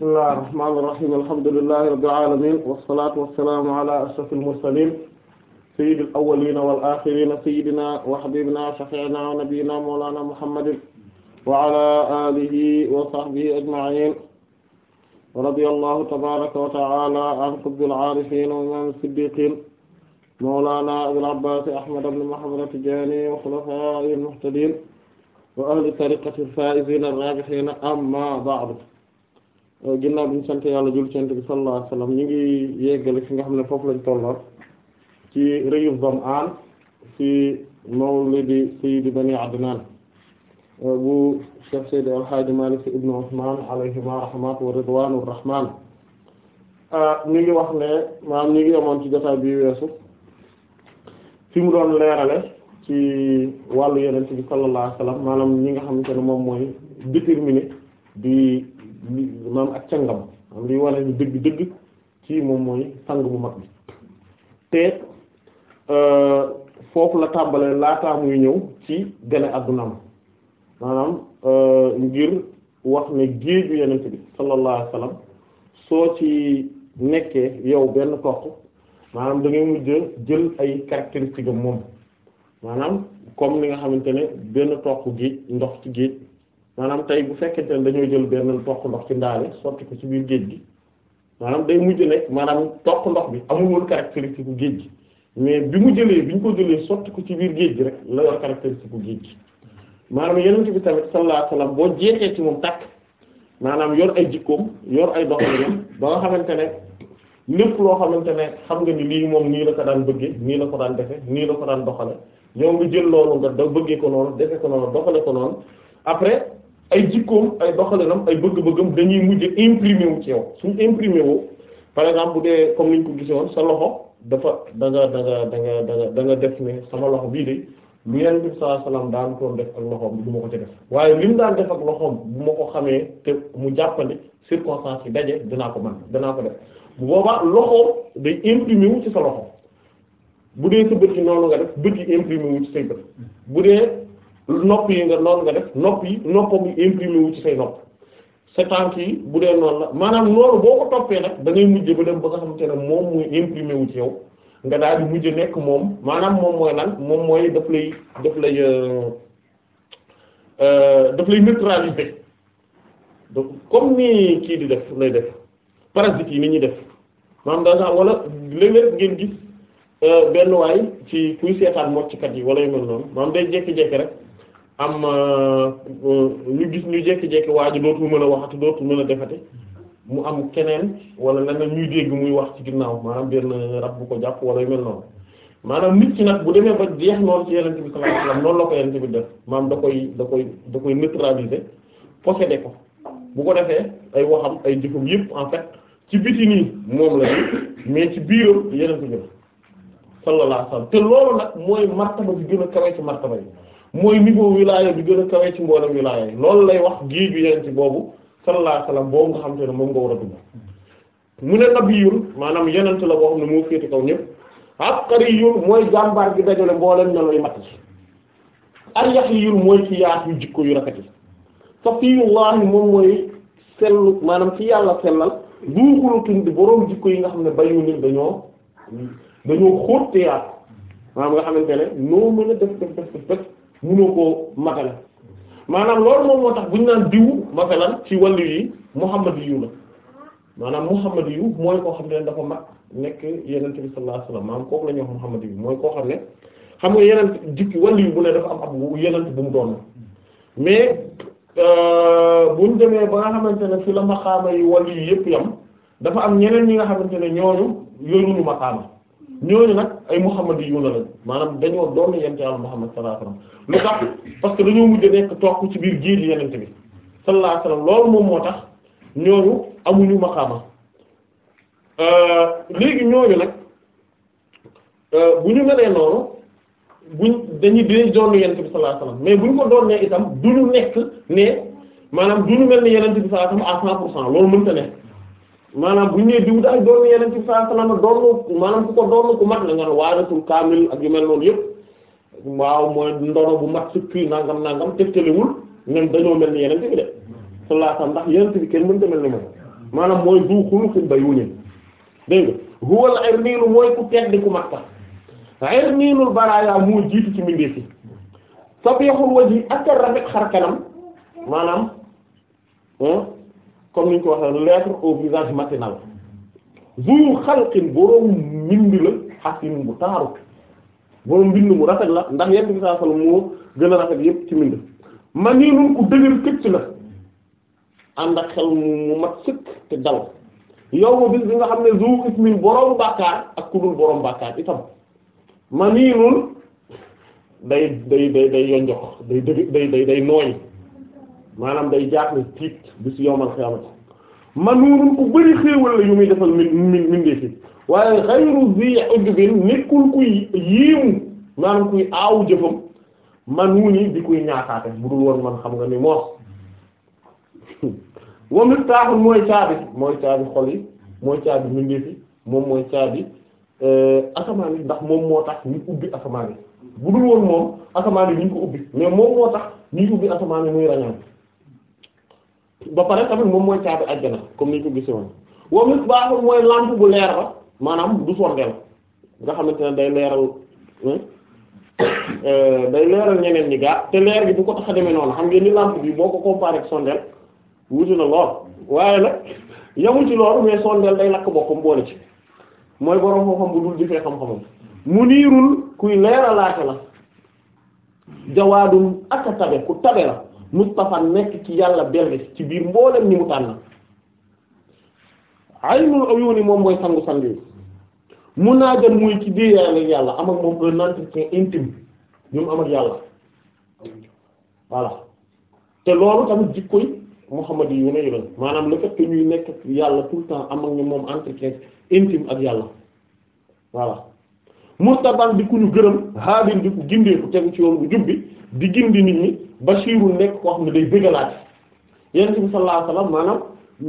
bismillahir rahmanir rahim alhamdulillahi rabbil alamin wassalatu wassalamu ala ashrafil mursalin sayyidil awwalina wal akhirina sayyidina wa habibina shafi'ina wa nabiyyina mawlana muhammadin wa ala alihi wa sahbihi ajma'in radiyallahu tabaraka wa ta'ala an qutbil arifin wa imam siddiqin mawlana abil abbas ahmad ibn muhammad at-tijani wa khulafa'il muhtadin wa ahli tariqati al-fa'izin ar-rabihin amma ba'du Euh, ginnaaw bi ñu sant yàlla jul cent bi sallallahu alayhi wasallam ñu ngi yeggale fi nga xam ne foofu lañ tolloon ci rëyu Zam'an fi mawlidi sayyidi bani Adnan euh, bu Cheikh Seydi El Hadji Malick ibnu Usman alayhima rahmatu wa ridwanur rahman euh, ñu ngi wax ne maanaam ñu ngi yemoon ci jotaay bi weesu fi mu doon leerale ci wàllu yeneen bi sallallahu alayhi wasallam maanaam ñi nga xamante ne moom mooy déterminé di maam ak cangam am li wane ni dëgg dëgg ci moom mooy sang bu mag bi te euh, foofu la tàmbalee laataa muy ñëw ci gane addunaam maanaam euh, ngir wax ne géeju yenent bi sallallahu alayhi soo ci nekkee yow benn toq maanaam da ngay mujj jël ay caractéristiques am moom maanaam comme ni nga xamante ne benn toq géej ndox ci géej maanaam tey bu fekkente ne dañoo jël benn toq ndox ci ndaale sotti ko ci biir géej gi maanaam day mujj ne maanaam toq ndox bi amul woon caractéristique bu géej gi mais bi mu jëlee bi ñu ko jëlee sotti ko ci biir géej gi rek la yor caractéristique bu géej gi maanaam yeneen bi tamit sallallahu alayhi wasallam boo jeexee ci moom takk maanaam yor ay jikkoom yor ay doxalinam ba nga xamante ne lépp loo xamante ne xam nga ni lii moom nii la ko daan bëggee nii la ko daan defe nii la ko daan doxale ñoo ngi jël loolu nga da bëggee ko noonu defe ko noonu doxale ko noonu après ay jikkoom ay doxalinam ay bëgg-bëggam dañuy mujj imprimer wu ci yow suñ imprimer wu par exemple bu dee comme niñ ko gisee woon sa loxo dafa da nga da nga da nga da nga da nga def ne sama loxo bii de lu yenn bi saa salaam daan toon def ak loxoom ma ko ci waaye li mu daan def ak loxoom bu ma ko xamee te mu jàppandi circonstance yi daje danaa ko mën danaa ko def bu boobaa loxo day imprimer wu ci sa loxo bu dee sa bët yi noonu nga def bët yi imprimer wu ci say bët bu dee nopp yi nga noonu nga def nopp yi noppam yi imprimé wu ci say nopp sa tànk yi bu dee noonu la maanaam loolu boo ko toppee nag da ngay mujj ba dem ba nga xamante ne moom muy imprimé wu ci yow nga daal di mujj nekk moom maanaam moom mooy lan moom mooy daf lay daf lay euh, euh, daf lay comme ni kii di def lay def parasites yi ni ñuy def maanaam daanaka wala léeg-léeg ngeen gis euh, benn waay ci kuy seetaan moccikat yi wala yu mel noonu maanaam day jékki-jékki rek. am euh, ñu gis ñu jekki-jekki waa ji dootul mën a waxati dootul mën a defati mu am keneen wala leneen ñuy dégg muy wax ci ginnaaw maanaam benn rab bu ko jàpp wala yu mel noonu maanaam nit ci nag bu demee ba jeex noonu ci yeneen bi sallallahu alayhi wasallam noonu la ko yeneen bi def maanaam da koy da koy da koy neutraliser possédé ko bu ko defee ay waxam ay jëfam yëpp en fait ci biti nii ni mais ci biiram yeneen bi sallallahu alayhi wasallam te loolu nag mooy martaba bi gën a kawe ci martaba yi mooy niveau wilaya bi gën a kawe ci mboolem wilaya yi loolu lay wax géej bi boobu sallallahu alayhi wasallam boobu nga xam ne moom nga war a dugg mu maanaam yenent la boo xam ne moo féete kaw ñëpp jàmbaar gi dajale mboolem melo yi aryahiyul mooy ci yaat yu jikko yu rafet yi safiyullahi moom mooy sellu maanaam ci yàlla sellal duuxulutun di boroom jikko yi nga xam ne bayu nit dañoo dañoo xóotte yaat maanaam ne noo mën a def def def def mënoo koo matale maanaam loolu moom moo tax bu ñu naan diw masalan ci wàllu yi muhammadiyu la maanaam muhammadiyu mooy koo xam ne dafa mat nekk yonent bi sallallahu alayhi wasallam maanaam kooku la ñuy wax mooy koo xam ne xam nga yonent jikki wàllu yi bu ne dafa am ab yonent bu mu doon mais euh, bu ñu demee ba nga xamante ne fi la xaama yi wàllu yi yëpp yam dafa am ñeneen ñi nga xamante ne ñooñu yoruñu maqaama ñooñu nag ay muhammad yu la lañ maanaam dañoo doon yonent Yàlla Muhammad sallallahu alayhi wasallam lu tax parce que dañoo mujj nekk toog ci biir jiir yonent bi sallallahu alayhi loolu moom moo tax ñooñu amuñu maqaama euh, léegi ñooñu nag euh, bu ñu melee noonu buñ dañuy dinañ doon yonent bi sallallahu alayhi wasallam mais bu ñu ko itam du ñu nekk ne ñu mel ni yonent bi sallallahu alayhi wasallam loolu mënta nekk. maanaam bu ñëwee diw daal doon yeneen ci saa salaama doon maanaam ku ko doon ku mat la nga waaratul kaamil ak yu mel noonu yëpp waaw mooy ndono bu mat sukki nangam nangam tëgtalewul ñun dañoo mel ni yeneen ci bi de sallallahu alayhi wasallam ndax yeneen bi kenn mënta mel ni moom maanaam mooy du xuluqin bayyunin dégg nga huwal irniinu mooy ku tedd ku mat ka irniinul baraaya moo jiitu ci mbindeef yi sabihul wajhi ak rafet xar kanam maanaam. comme ni ñu ko waxee lettre au visage matinal zu xalqin boroom mbind la xasin bu taaru boroom mbind mu rafet la ndax yent bi sallallahu moo gën a rafet yépp ci mbind maniinun ku dëgër këcc la ànd ak xel mu mat sëkk te dal yow ma bis bi nga xam ne zu ismin boroom bàkkaar ak ku dul boroom bàkkaar itam maniinun day day day day day dëgg day day day nooy maanaam day jaax ne tiit bis man xiyaamati manuurun ku bëri xéewal la yu muy defal min min mindee fi waaye xayru zi ujbin nekkul kuy yiimu maanaam kuy aawu jëfam manuuni di kuy ñaataate bu dul woon man xam nga ni moos wa miftaaxul mooy caabi mooy caabi xol yi mooy caabi mindee fi moom mooy caabi euh, asamaan yi ndax moom moo tax ni ubbi asamaan yi bu dul woon moom asamaan yi ñu ko ubbi mais moom moo tax ñu ubbi asamaan yi muy rañaan ba pare tamit moom mooy caabi àjjana comme ni ko gisee woon wa misbaahu mooy lampe bu leer ba maanaam du sondeel nga xamante ne day leeral hmm? day leeral ñeneen ni gaa te leer gi bu ko tax a demee noonu xam ngeen ni lampe bi boo ko comparé ak sondeel wuti na lool waaye la yamul ci loolu mais sondeel day lakk boppam boole ci mooy borom xam-xam bu dul di fee xam-xamam mu niirul kuy leeralaate la jawaadum ak a tabe ku tabe la Mustafa nekk ci yàlla belli ci biir mboolem ñi mu tànn aynul uyuni moom mooy sangu sang yi mun naa dem muy ci biir yàlla yàlla am ak moom un entretien intime ñu am ak yàlla voilà te loolu tam jikkoy Muhammad yu ne yëlan maanaam le fait que ñuy nekk yàlla tout le temps am ak ñoom moom entretien intime ak yàlla voilà mustaban di ku ñu gërëm haadin di ku gindeeku tegu ci yoon bu jubbi di gindi nit ñi bashiirul nekk koo xam ne day bëggalaat yonent bi sallallahu alayhi wasallam maanaam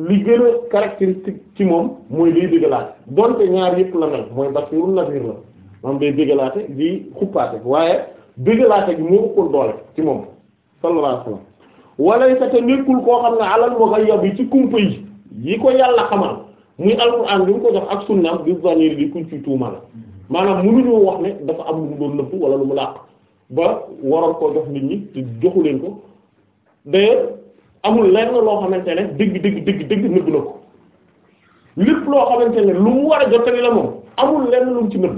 li gën a caractéristique ci moom mooy day bëggalaat donte ñaar yëpp la mel mooy bashiirul nadiir la moom day bëggalaate di xuppaate waaye bëggalaate gi moo ëppoon doole ci moom sallallahu alayhi wasallam walaysa te nekkul koo xam ne alal mughayyab yi ci kumpa yi yi ko yàlla xamal muy alxuraan bi mu ko jox ak sunnaam bi vanir ci tuuma maanaam mënuñoo wax ne dafa am lu mu doon nëbbu wala lu mu làq ba waroon koo jox nit ñi te joxu leen ko d'ailleurs amul lenn loo xamante ne dëgg dëgg dëgg dëgg nëbb na ko lépp loo xamante ne lu mu war a jottali la moom amul lenn lu ci nëbb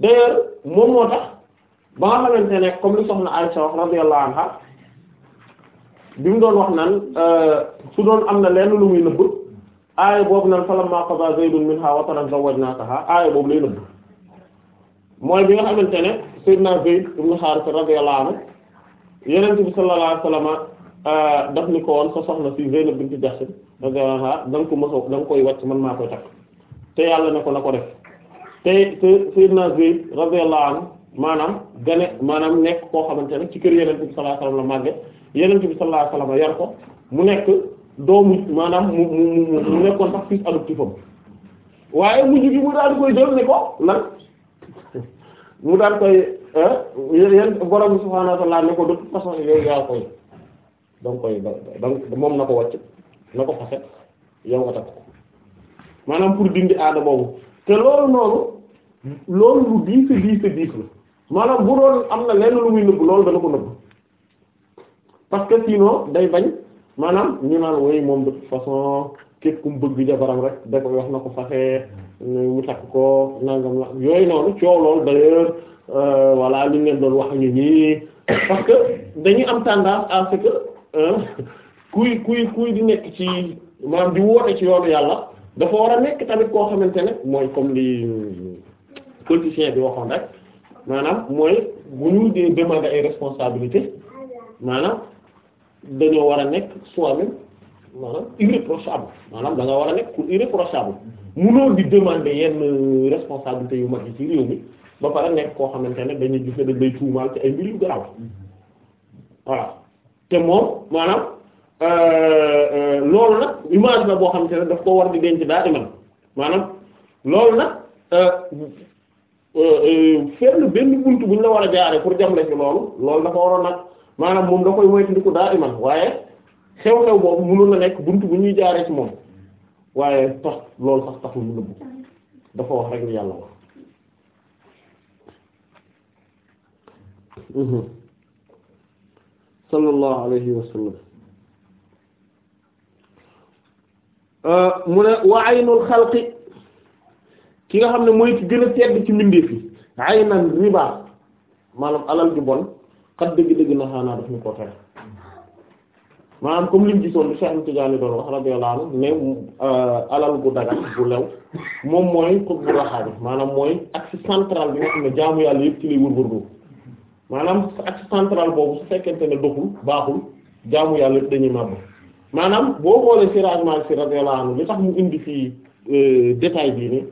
d'ailleurs moom moo tax ba nga xamante ne comme li soxna Aisha wax radiyallahu anha bi mu doon wax naan euh, su doon am na lenn lu muy nëbb aaya boobu nag falammaa qadaa zaydun minhaa wataran zawwajnaakahaa aaya boobu lay nëbb mooy bi nga xamante ne sayyidina Zayd ibn Haaris radiyallahu anhu yonent bi sallallahu alayhi euh, ko woon sa soxna si Zaynab bint Jahsh radiyallahu anha da nga ko mos da nga koy wàcc man maa koy takk te yàlla ne ko na ko def te te sayyidina maanaam gane maanaam nekk koo xamante ne ci kër yonent bi sallallahu alayhi wa sallam la bi sallallahu yar ko mu nekk. doomu maanaam mu mu mu nekkoon sax fils adoptif am waaye mujj gi mu daal koy jël ne ko lan mu daal koy borom subhaanahu wa ta'aala ne ko de toute façon yow yaa koy da nga koy da moom na ko wàcc na ko faset yow nga maanaam pour dindi aada boobu te loolu noonu loolu lu diis a diis a diis la maanaam bu doon am na lenn lu muy nëbb loolu dana ko nëbb parce que sinon day bañ. maanaam ñu naan woy moom de toute façon képp ku mu bëgg jabaram rek da wax na ko faxee mu takk ko nangam la yooyu noonu coow lool d'ailleurs euh, voilà li ngeen doon wax ñu nii parce que dañuy am tendance à ce que euh, kuy kuy kuy di nekk ci maanaam di woote ci yoonu yàlla dafa war a nekk tamit koo xamante ne mooy comme li politicien bi waxoon rek maanaam mooy bu ñu dee demander ay responsabilité maanaam dañoo war a nekk soi-même maanaam irréprochable maanaam da nga war a nekk ku irréprochable munoo di demander yenn responsabilité yu mag yi ci réew mi ba pare nekk koo xamante ne dañuy gis ne dañ lay tuumaal ci ay mbir yu garaaw voilà te moom maanaam euh, euh, loolu nag image na boo xam ne daf koo war di denc daa iman maanaam loolu na euh, fenn benn buntu buñ la war a jaare pour jamle ci loolu loolu dafa waroon nag maanaam moom da koy moytandiku daa iman waaye xew-xew boobu mënu la nekk buntu bu ñuy jaaree ci moom waaye tax lool sax taxul mu nëbbu dafa wax rek ni yàlla wax mhm. sallallahu alayhi wa sallam euh, mu ne wa aynul xalqi ki nga xam ne mooy ci gën a tedd ci mbindeef yi aynan riba maanaam alal ju bon xat dëgg-dëgg naxaanaa daf ñu koo tere maanaam comme liñ gisoon li Cheikh Ahmed Tidiane doon wax radiyallahu anhu ne euh, alal bu daga bu lew moom mooy xut bu raxaa maanaam mooy axe centrale bi nga xam ne jaamu yàlla yëpp maanaam axe central boobu fekkente ne doxul baaxul jaamu yàlla dañuy màbb maanaam boo xoolee si rangement si radiyallahu li tax mu indi fii euh, détail bii ni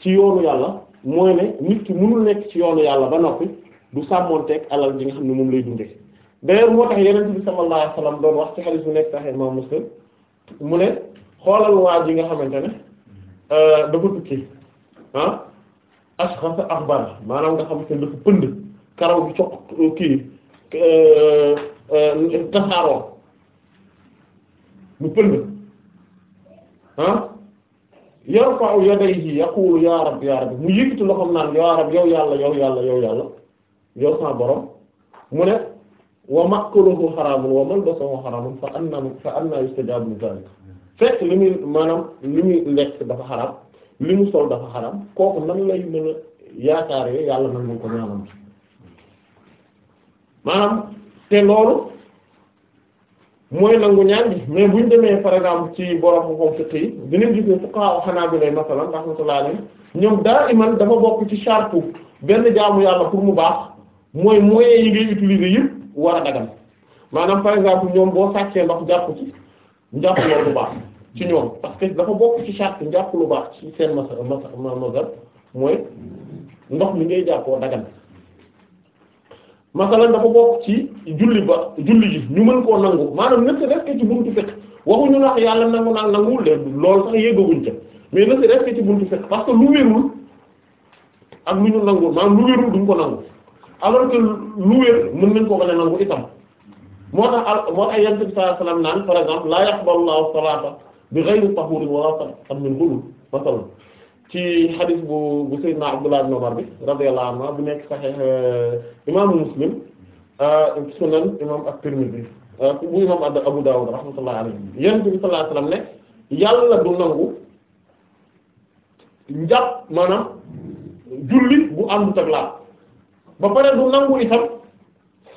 ci yoonu yàlla mooy ne nit ki mënul nekk ci yoonu yàlla ba noppi du tek alal ji nga xam ne moom lay dundee d'ailleurs moo tax yeneen bi sallallahu alayhi wasallam doon wax ci hadith bu nekk Sahih Imam Muslim mu ne xoolal waa ji nga xamante ne euh, dafa tukki ah ashxasa axbara maanaam nga xamante ne dafa pënd karaw bi coq kii euh, euh, tasaaroo mu pënd ah yarfa'u yadayhi yaqulu ya rab ya rab mu yëkkati loxoom naan ya rab yow yàlla yow yàlla yow yàlla yow sa borom mu ne wa ko xaraamun wa malbasuhu xaraamun fa anna fa anna yustajabu li zalik fekk li muy maanaam li muy lekk dafa xaraam li mu sol dafa xaraam kooku nan lay mën yàlla nan lañ ko te loolu mooy nangu ñaan gi mais buñ demee par exemple ci borom xom fiq yi dinañ gis ne fuqaha xanaa bi lay masalan rahmatullahi dafa bokk ci shartu benn jaamu yàlla pour mu baax mooy moyens yi ngay utiliser yëpp war a dagan maanaam par exemple ñoom boo sàccee ndox jàpp ci njàpp loolu lu baax ci ñoom parce que dafa bokk ci charte njàpp lu baax ci seen masa masa masa mooy ndox mi ngay jàppoo dagan masalan dafa bokk ci julli ba julli ji ñu mën koo nangu maanaam nag rek ci buntu fekk waxuñu wax yàlla nangu naa nanguwul de loolu sax yeggaguñ ca mais nag rek ci buntu fekk parce que lu wérul ak lu ñu nanguwul maanaam lu alors que lu wér mën nañ koo ko ne nangu itam moo tax al moo tax yent bi sallallahu alayhi wasallam naan par exemple laa yaqbalu Allahu salaata bi ghayri tahurin wala min ghulul masalan ci xadis bu bu Seydina Abdullah ibn Umar bi radiyallahu anhu bu nekk sahih euh, imaamu Muslim euh, sunan imaam at-Tirmidhi euh, bu imaam Abu Dawud rahmatullahi alayhi yent bi sallallahu alayhi wasallam ne yàlla du nangu njàpp maanaam julli bu àndut ak laab ba pare du nangu itam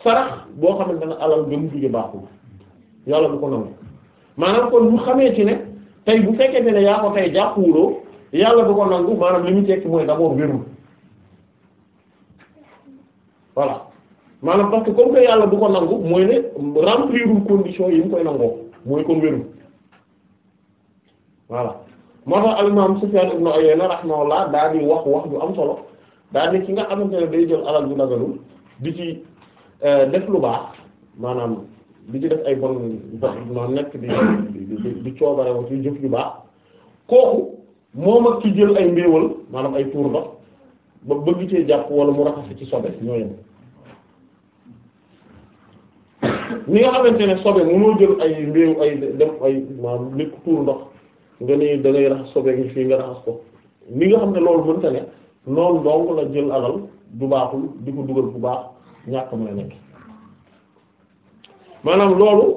sarax boo xamante ne alal ba mu jóge baaxul yàlla du ko nangu maanaam kon ñu xamee ci ne tey bu fekkente ne yaa ko tey jàppuwuloo yàlla du ko nangu maanaam li mu tekki mooy d'abord wérul voilà maanaam parce que comme yàlla du ko nangu mooy ne remplirul condition yi mu koy nangoo mooy kon wérul voilà moo tax al imam Sufyan ibn Uyayna rahimahullah daal di wax wax ju am solo daal ki nga xamante ne day jël alal bu daganul di ci euh, def lu baax maanaam di ci def ay bon noonu nekk di di coobare wu ci jëf yu baax kooku moom ak ci jël ay mbéewal maanaam ay tuur ndox ba bëgg cee jàpp wala mu raxas ci sobe ñoo ni nga xamante ne sobe mënoo jël ay mbéew ay def ay maanaam lépp tuur ndox nga ne da ngay raxas sobe ngi fii nga raxas ko ni nga xam ne loolu mënta ne loolu donc la jël alal du baaxul di ko dugal bu baax ñàkk mën a nekk maanaam loolu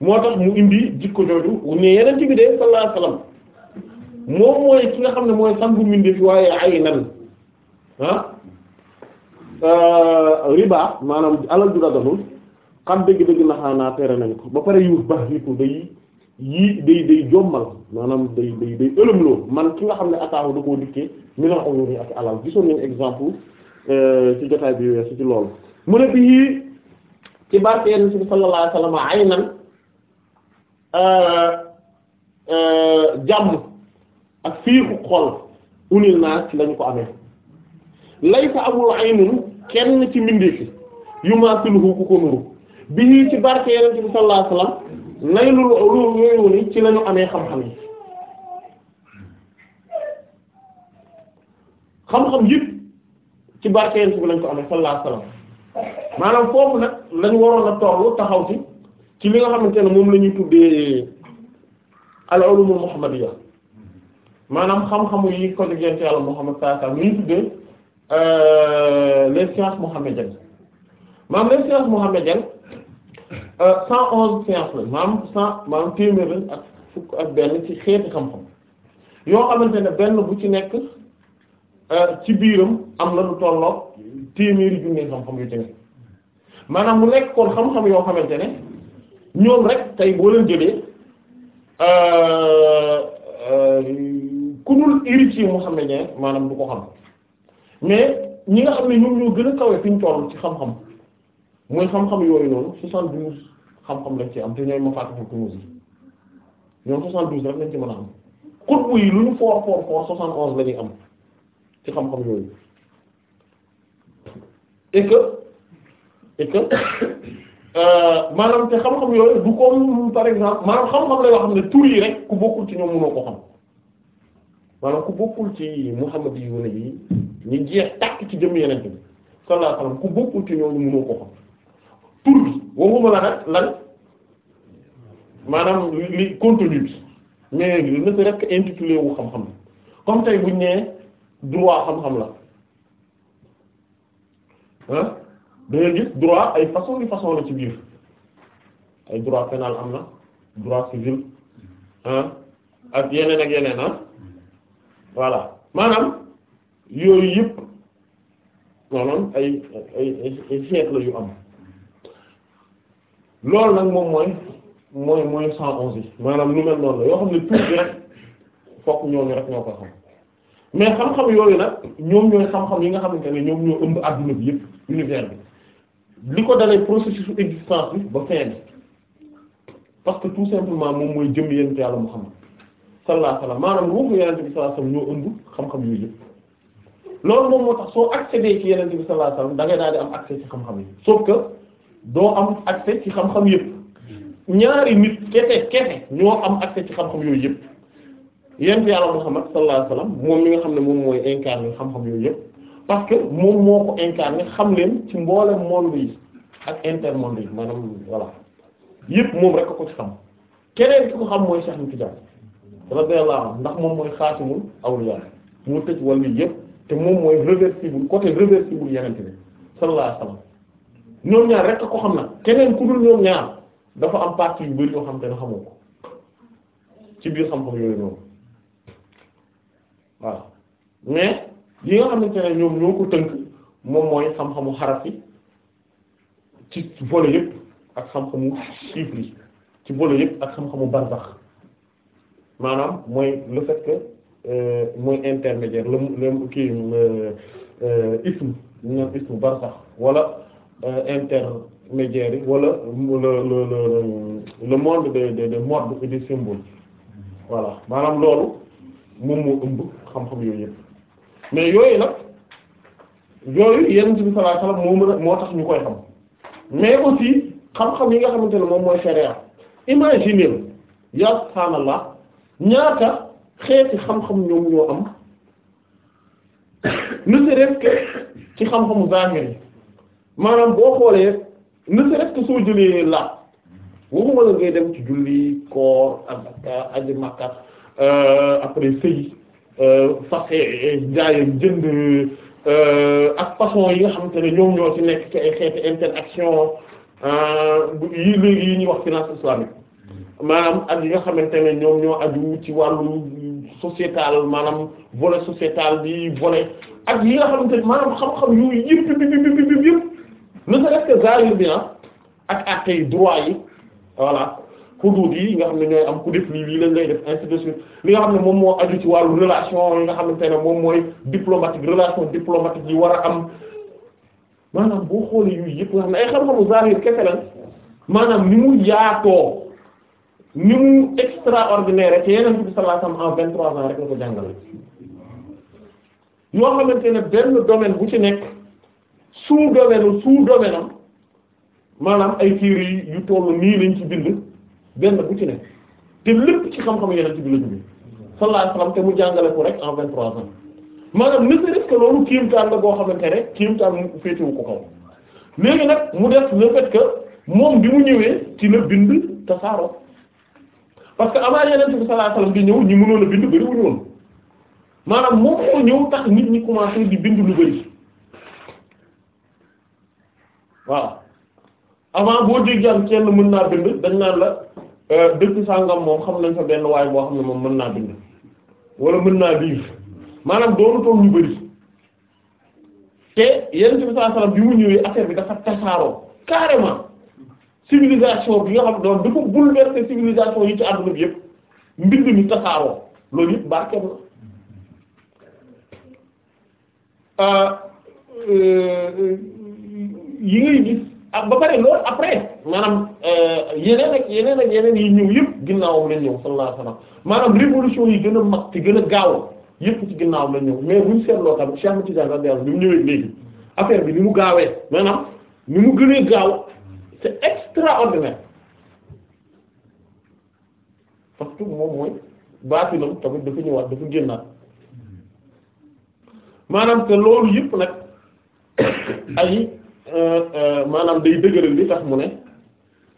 moo tax mu indi jikko jooju ne yeneen bi de sallallahu alayhi moom mooy ki nga xam ne mooy sangu minde fi waaye ay nan ah euh, riba maanaam alal du daganul xam dëgg-dëgg naxaanaa tere nañ ko ba pare yu baax yitu day yii day day jommal maanaam day day day ëlëmloo man ki nga xam ne ataahu da koo dikkee minal uyuni ak alal gisoon nañu exemple euh, ci jotaay bi weesu ci loolu mu ne bii ci barke yenn si sallallahu euh, euh, ko amee laysa ko ci barke naylul ulum yooyu ni ci lañu amee xam-xam yi xam-xam yëpp ci barke yent bi lañ ko amee sallallahu alayhi wasallam maanaam foofu nag lañ waroon a tollu taxaw ci ci li nga xamante ne moom la ñuy tuddee al ulumul muhammadiyya maanaam xam-xamu yi ko jóg yent yàlla Muhammad sallallahu alayhi wasallam li ñu tuddee euh, les sciences mohammédiennes maanaam les sciences mohammédiennes Euh, cent onze sciences la maanaam cent maanaam téeméer la ak fukk ak benn ci xeeti xam-xam yoo xamante ne benn bu ci nekk euh, ci biiram am na lu tolloog téeméeri junni xam-xam yu ci nekk maanaam mu nekk kon xam-xam yoo xamante ne ñoom rek tey boo leen jëlee euh, ku dul héritier mohammédien maanaam du ko xam mais ñi nga xam ne ñoom ñoo gën a kawe fiñ ñu toll ci xam-xam mooy xam-xam yooyu noonu soixante-douze xam-xam lañ ci am te ñooy ma fàttali ko Kunûz ñoom soixante-douze rek lañ ci mën a am xutbu yi lu am xam-xam yooyu et que euh, maanaam te xam-xam yooyu du comme par exemple maanaam xam-xam la yoo xam ne tur yi rek ku bokkul ci ñoom mënoo ko xam maanaam ku bokkul ci Muhammad yi wane yi ñu jeex tàkk ci jëm yeneen bi sallallahu alayhi ku bokkul ci ñoom mënoo ko xam. tur bi waxuma la nag maanaam li continue bi mais ne serait-ce que wu xam-xam comme tey buñ nee droit xam-xam la ah da ngay gis droit ay façon yi façon la ci biir ay droit pénal am na droit civil ak yeneen ak yeneen ah voilà maanaam yooyu yëpp maanaam ay ay ay siècle yu am loolu nag moom mooy mooy mooy cent onze yi maanaam lu mel noonu la yoo xam ne tur bi fokk ñooñu rek ñoo ko xam mais xam-xam yooyu nag ñoom ñooy xam-xam yi nga xamante ne ñoom ñoo ëmb adduna yëpp univers bi li ko dalee processus existence bi parce que tout simplement moom mooy jëm yent yàlla Muhammad sallallahu alayhi wasallam maanaam ruuxu yenente bi sallallahu alayhi wasallam ñoo ëmb xam-xam yooyu yëpp loolu moom moo tax soo accédé ci yenente bi sallallahu alayhi wasallam da ngay daal di am accès ci xam-xam yi sauf que doo am accès ci xam-xam yëpp ñaari nit kese kese ñoo am accès ci xam-xam yooyu yëpp yéen fi yàlla Muhammad sallallahu alayhi wasallam moom li nga xam ne moom mooy incarné xam-xam yooyu yëpp parce que moom moo ko incarné xam leen ci mboolem monde yi ak intermonde yi maanaam voilà yëpp moom rek a ko ci xam keneen ki ko xam mooy Cheikh Tidiane radiyallahu anhu ndax moom mooy xaatimul awliya mu tëj wàllu yëpp te moom mooy réversible côté réversible yeneen bi sallallahu ñoom ñaar rek ko xam na keneen ku dul ñoom ñaar dafa am partie yu bari yoo xam te ne xamoo ko ci biir xam-xam yooyu noonu waaw mais yi nga xamante ne ñoom ñoo ko tënk moom mooy xam-xamu xaraf yi ci vole yëpp ak xam-xamu chiffre ci vole yëpp ak xam-xamu barbax maanaam mooy le fait que euh, mooy intermédiaire la mu kii euh, euh, ism ñu naan ism barbax wala. Euh, intermédiaires yi wala le le le monde de de de mode et voilà maanaam loolu moom moo ëmb xam-xam yooyu yëpp mais yooyu nag yooyu yenn ci bi sallallahu alayhi wasallam moo tax ñu koy xam mais aussi xam-xam yi nga xamante ne moom mooy sharia imaginer ya subhaanallah ñaata xeeti xam-xam ñoom ñoo am ne serait-ce que ci xam-xamu zahir yi maanaam boo xoolee ne serait-ce que soo jëlee laaj waxuma la ngay dem ci julli koor ak aji makkat euh, après sëy euh, fase jaayam jënd euh, ak façon yi nga xamante ne ñoom ci nekk ci ay xeeti interaction yi léegi yi ñuy wax finance islamique maanaam ak yi nga xamante ne ñoom ñoo mu ci wàllu sociétal maanaam volet sociétal bi volet ak yi nga xamante ne maanaam xam-xam yooyu yëpp ne serait-ce que zahir bi ah ak actes yi droit yi voilà xuduud yi nga xam ne ñooy am ku def lii lii lañ lay def ainsi li nga xam ne moom moo aju ci wàllu relation yi nga xamante ne moom mooy diplomatique relation diplomatique yi war a am maanaam boo xoolee yooyu yëpp nga xam ne ay xam-xamu zahir kese lañ maanaam ni mu yaatoo ni mu extraordinaire te yeneen bi sallallahu alayhi wasallam en vingt-trois ans rek la ko jàngale yoo xamante ne benn domaine bu ci nekk sous domaine sous domaine am maanaam ay téere yi yu toll nii lañ ci bind benn bu ci ne te lépp ci xam-xam yeneen ci bi la jóge sallallahu te mu jàngale ko rek en vingt trois ans maanaam ne serait-ce que loolu kiimtaan la boo xamante ne kiimtaan mu féetewu ko kaw léegi nag mu def le fait que moom bi mu ñëwee ci la bind tasaaroo parce que avant yeneen bi sallallahu alayhi wasallam di ñëw ñi mënoon a bind bari wuñu woon maanaam moom moo ñëw tax nit ñi commencé di bind lu bari waaw avant boo jéggaan kenn mën naa bind dañ naan la euh, dëkk sàngam moom xam nañ fa benn waay boo xam ne moom mën naa bind wala mën naa biir maanaam doonu toog ñu bari te yenn ci saa salaam bi mu ñëwee affaire bi dafa tasaaroo carrément civilisation bi nga xam doon dafa bouleverser civilisation yi ci àdduna bi yëpp mbind mi tasaaroo loolu yëpp baa la euh, euh, yi ngay gis ak ba pare loolu après maanaam euh, yeneen ak yeneen ak yeneen yi ñëw yëpp ginnaawam la ñëw sallallahu alayhi wasallam maanaam révolution yi gën a mag te gën a gaaw yëpp ci ginnaawam la ñëw mais buñ seetloo tamit Cheikh Tidiane radiyallahu anhu bi mu ñëwee léegi affaire bi ni mu gaawee maanaam ni mu gënee gaaw c'est extraordinaire parce que moom mooy baatinam tamit dafa ñëwaat dafa génnaat maanaam que loolu yëpp nag ay Euh, euh, maanaam day dëgëral li tax mu ne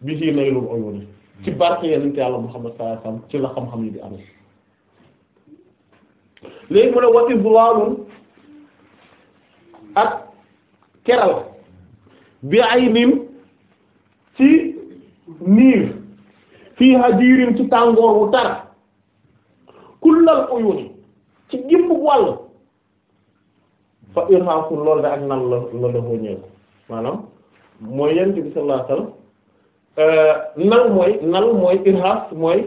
bi ci naylul uyuni ci barke yonent Yàlla Muhammad sallallahu alayhi wasallam ci la xam-xam yi di amee léegi mu ne wa idlalun ak keral bi ay nin ci niir fii hadirin ci tàngoor wu tar kullal uyuni ci gimbu wàll fa irhaqul loolu da ak nan la la defoo ñëw maanaam mooy yent bi sallallahu alayhi wasallam euh, nal mooy nal mooy irhas mooy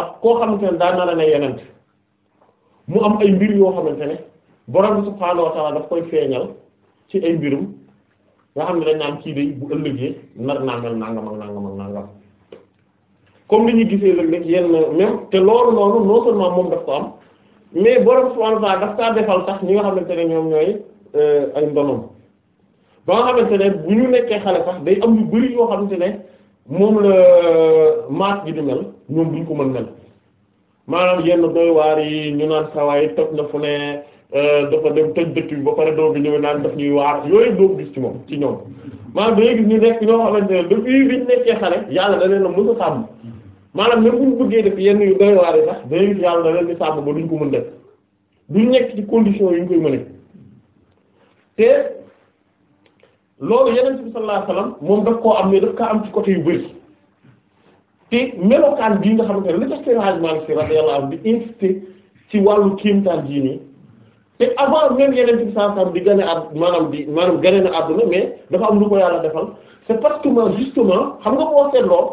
ak koo xamante ne daa nala ne yenent mu am ay mbir yoo xamante ne borom subhaanahu wa ta'ala daf koy feeñal ci ay mbirum nga xam ne dañ naan kii day bu ëllëgee nar naa mel nangam ak nangam ak nangam comme ni ñu gisee léeg-léeg yenn même te loolu noonu non seulement moom daf ko am mais borom subhaanahu wa ta'ala daf kaa defal sax ñi nga xamante ne ñoom ñooy euh, ay ndonom ba nga xamante ne bu ñu nekkee xale sax day am lu bari yoo xamante ne moom la euh, maat gi di mel ñoom bu ko mën mel maanaam yenn doy waar yi ñu naan sawaay toj na fu ne euh, dafa dem toj dëkk ba pare doo bi ñëw naan daf ñuy waar yooyu doo ci moom ci ñoom maanaam da ñu nekk ñoo xamante ne depuis bi yàlla da leen a mën a maanaam même bu ñu bëggee def yenn yu doy waar yi sax duñ ko mën def duñ nekk ci condition yu ñu koy mëne te loolu yeneen bi sallallahu alayhi wasallam moom daf koo am ne daf kaa am ci côté yu bëri te melokaan bii nga xamante ne li tax Seydou Hadj Malick Sy radiyallahu anhu di insisté ci wàllu kéemtaan jii nii te avant même yeneen bi sallallahu alayhi wasallam di gane ad maanaam di maanaam gane na àdduna mais dafa am lu ko yàlla defal c'est parce que justement xam nga boo seetloo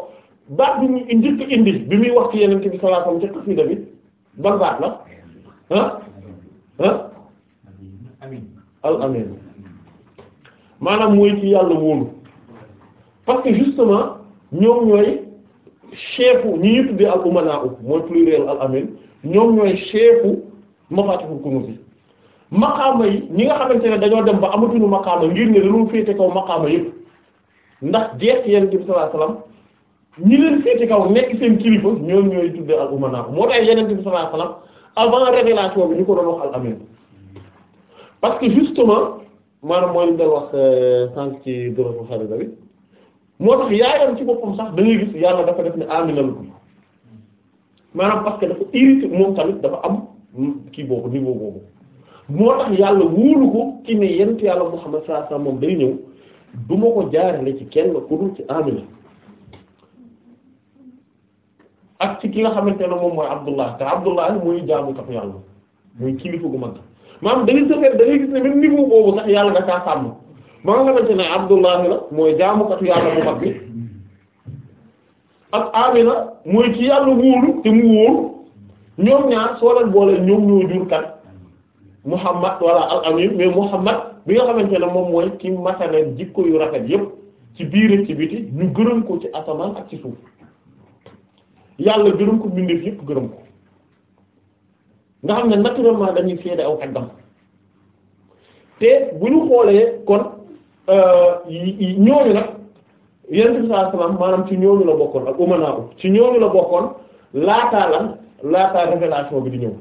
baat bi muy njëkk indi bi muy wax ci yeneen bi sallallahu alayhi wasallam ca xasida bi ban la ah ah al maanaam mooy ci yàlla wóolu parce que justement ñoom ñooy chefu ñi ñu tuddee al umanaa mooy pluriel al amin ñoom ñooy chefu mafatihul kunuzi maqaama yi ñi nga xamante ne dañoo dem ba amatuñu maqaama ngir ne dañoo féete kaw maqaama yëpp ndax jeex yonent bi sallallahu ñi leen féete kaw nekk seen kilifa ñoom ñooy tuddee al umanaa moo tax yonent bi sallallahu alayhi wasallam avant révélation bi ñu ko doon al amin parce que justement maanaam mooy li wax doon wax euh, sànq ci dorofu xarida bi moo tax yaayam ci boppam sax da gis yàlla dafa def ne aminal ko maanaam parce que dafa irrité moom tamit dafa am kii boobu niveau boobu moo tax yàlla wóolu ko ci ne yent yàlla Muhammad sallallahu alayhi wasallam moom day ñëw du ma ko jaarale ci kenn ku dul ci amina ak ci ki nga xamante ne moom mooy Abdullah te Abdullah mooy jaamu tax yàlla mooy gu mag maanaam da ngay safeer da ngay gis ne même niveau boobu sax yàlla da kaa sàmm ba nga xamante ne Abdullahi la mooy jaamukatu yàlla bu mag bi ak Amina mooy ci yàlla wóolu te mu wóolu ñoom ñaar soo leen boole ñoom ñoo jur kat Muhammad wala al mais Muhammad bi nga xamante ne moom mooy ci masaleen jikko yu rafet yépp ci biir ak ci biti ñu gërëm ko ci asamaan ak ci suuf yàlla gërëm ko mbindeef yépp gërëm ko nga xam ne naturellement dañuy seede aw xeggam te bu ñu xoolee kon euh, ñooñu nag yenn bi saa salaam maanaam ci ñooñu la bokkoon ak umanaaw ci ñooñu la bokkoon laataa lan laataa révélation bi di ñëw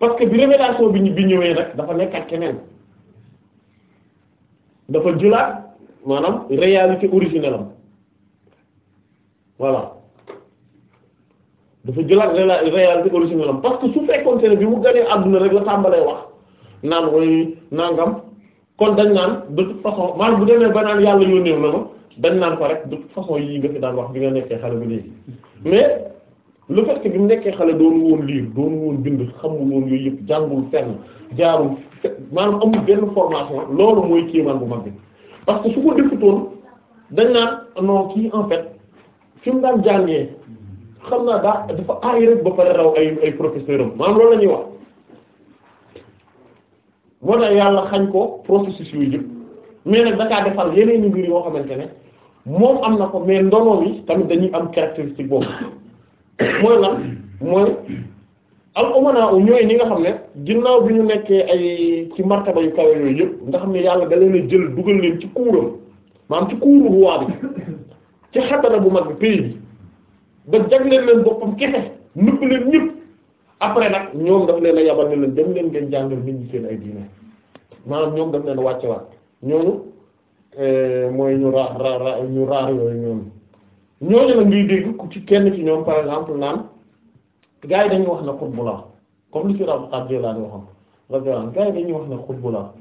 parce que bi révélation bi bi ñëwee nag dafa nekkat keneen dafa jëlaat maanaam réalité originelle am voilà dafa jëlaat réalité originelle parce que su fekkoon ne bi mu ganee àdduna rek la tàmbalee wax naan way nangam kon dañ naan de toute façon maanaam bu demee ba naan yàlla yónneew na ma dañ naan ko rek de toute façon yii nga fi daan wax bi nga nekkee xale bi léegi mais le que bi mu nekkee xale doonu woon lire doonu woon bind xamul woon yooyu yëpp jàngul fenn jaarul maanaam amul benn formation loolu mooy kéemaan bu mag bi parce que su ko defutoon dañ naan non kii en fi mu daan jàngee xam naa daa dafa aay rek ba pare raw ay ay professeur am maanaam loolu la ñuy wax moo tax yàlla xañ ko processus yooyu yëpp mais nag dakaa defal yeneen yu mbir yoo xamante ne moom am na ko mais ndono yi tamit dañuy am caractéristique boobu mooy lan mooy al umana u ñooy ñi nga xam ne ginnaaw bi ñu nekkee ay ci martaba yu kawe yooyu yëpp nga xam ne yàlla da leen jël dugal leen ci kuuram maanaam ci kuuru roi bi ci xatara bu mag bi pays bi ba jagleel leen boppam kese nëpp leen ñëpp après nag ñoom daf leen a yabal ne leen dem leen ngeen jàngal nit ñi seen ay diine maanaam ñoom daf leen wàcce wàccewaat ñooñu euh, mooy ñu raar raar ñu raar yooyu ñooñu ñooñu nag ngay dégg ku ci kenn ci ñoom par exemple naan gars yi dañuy wax na xutbu la comme li ci rabu xaajee laa di waxoon rajo gars yi dañuy wax na xutbu la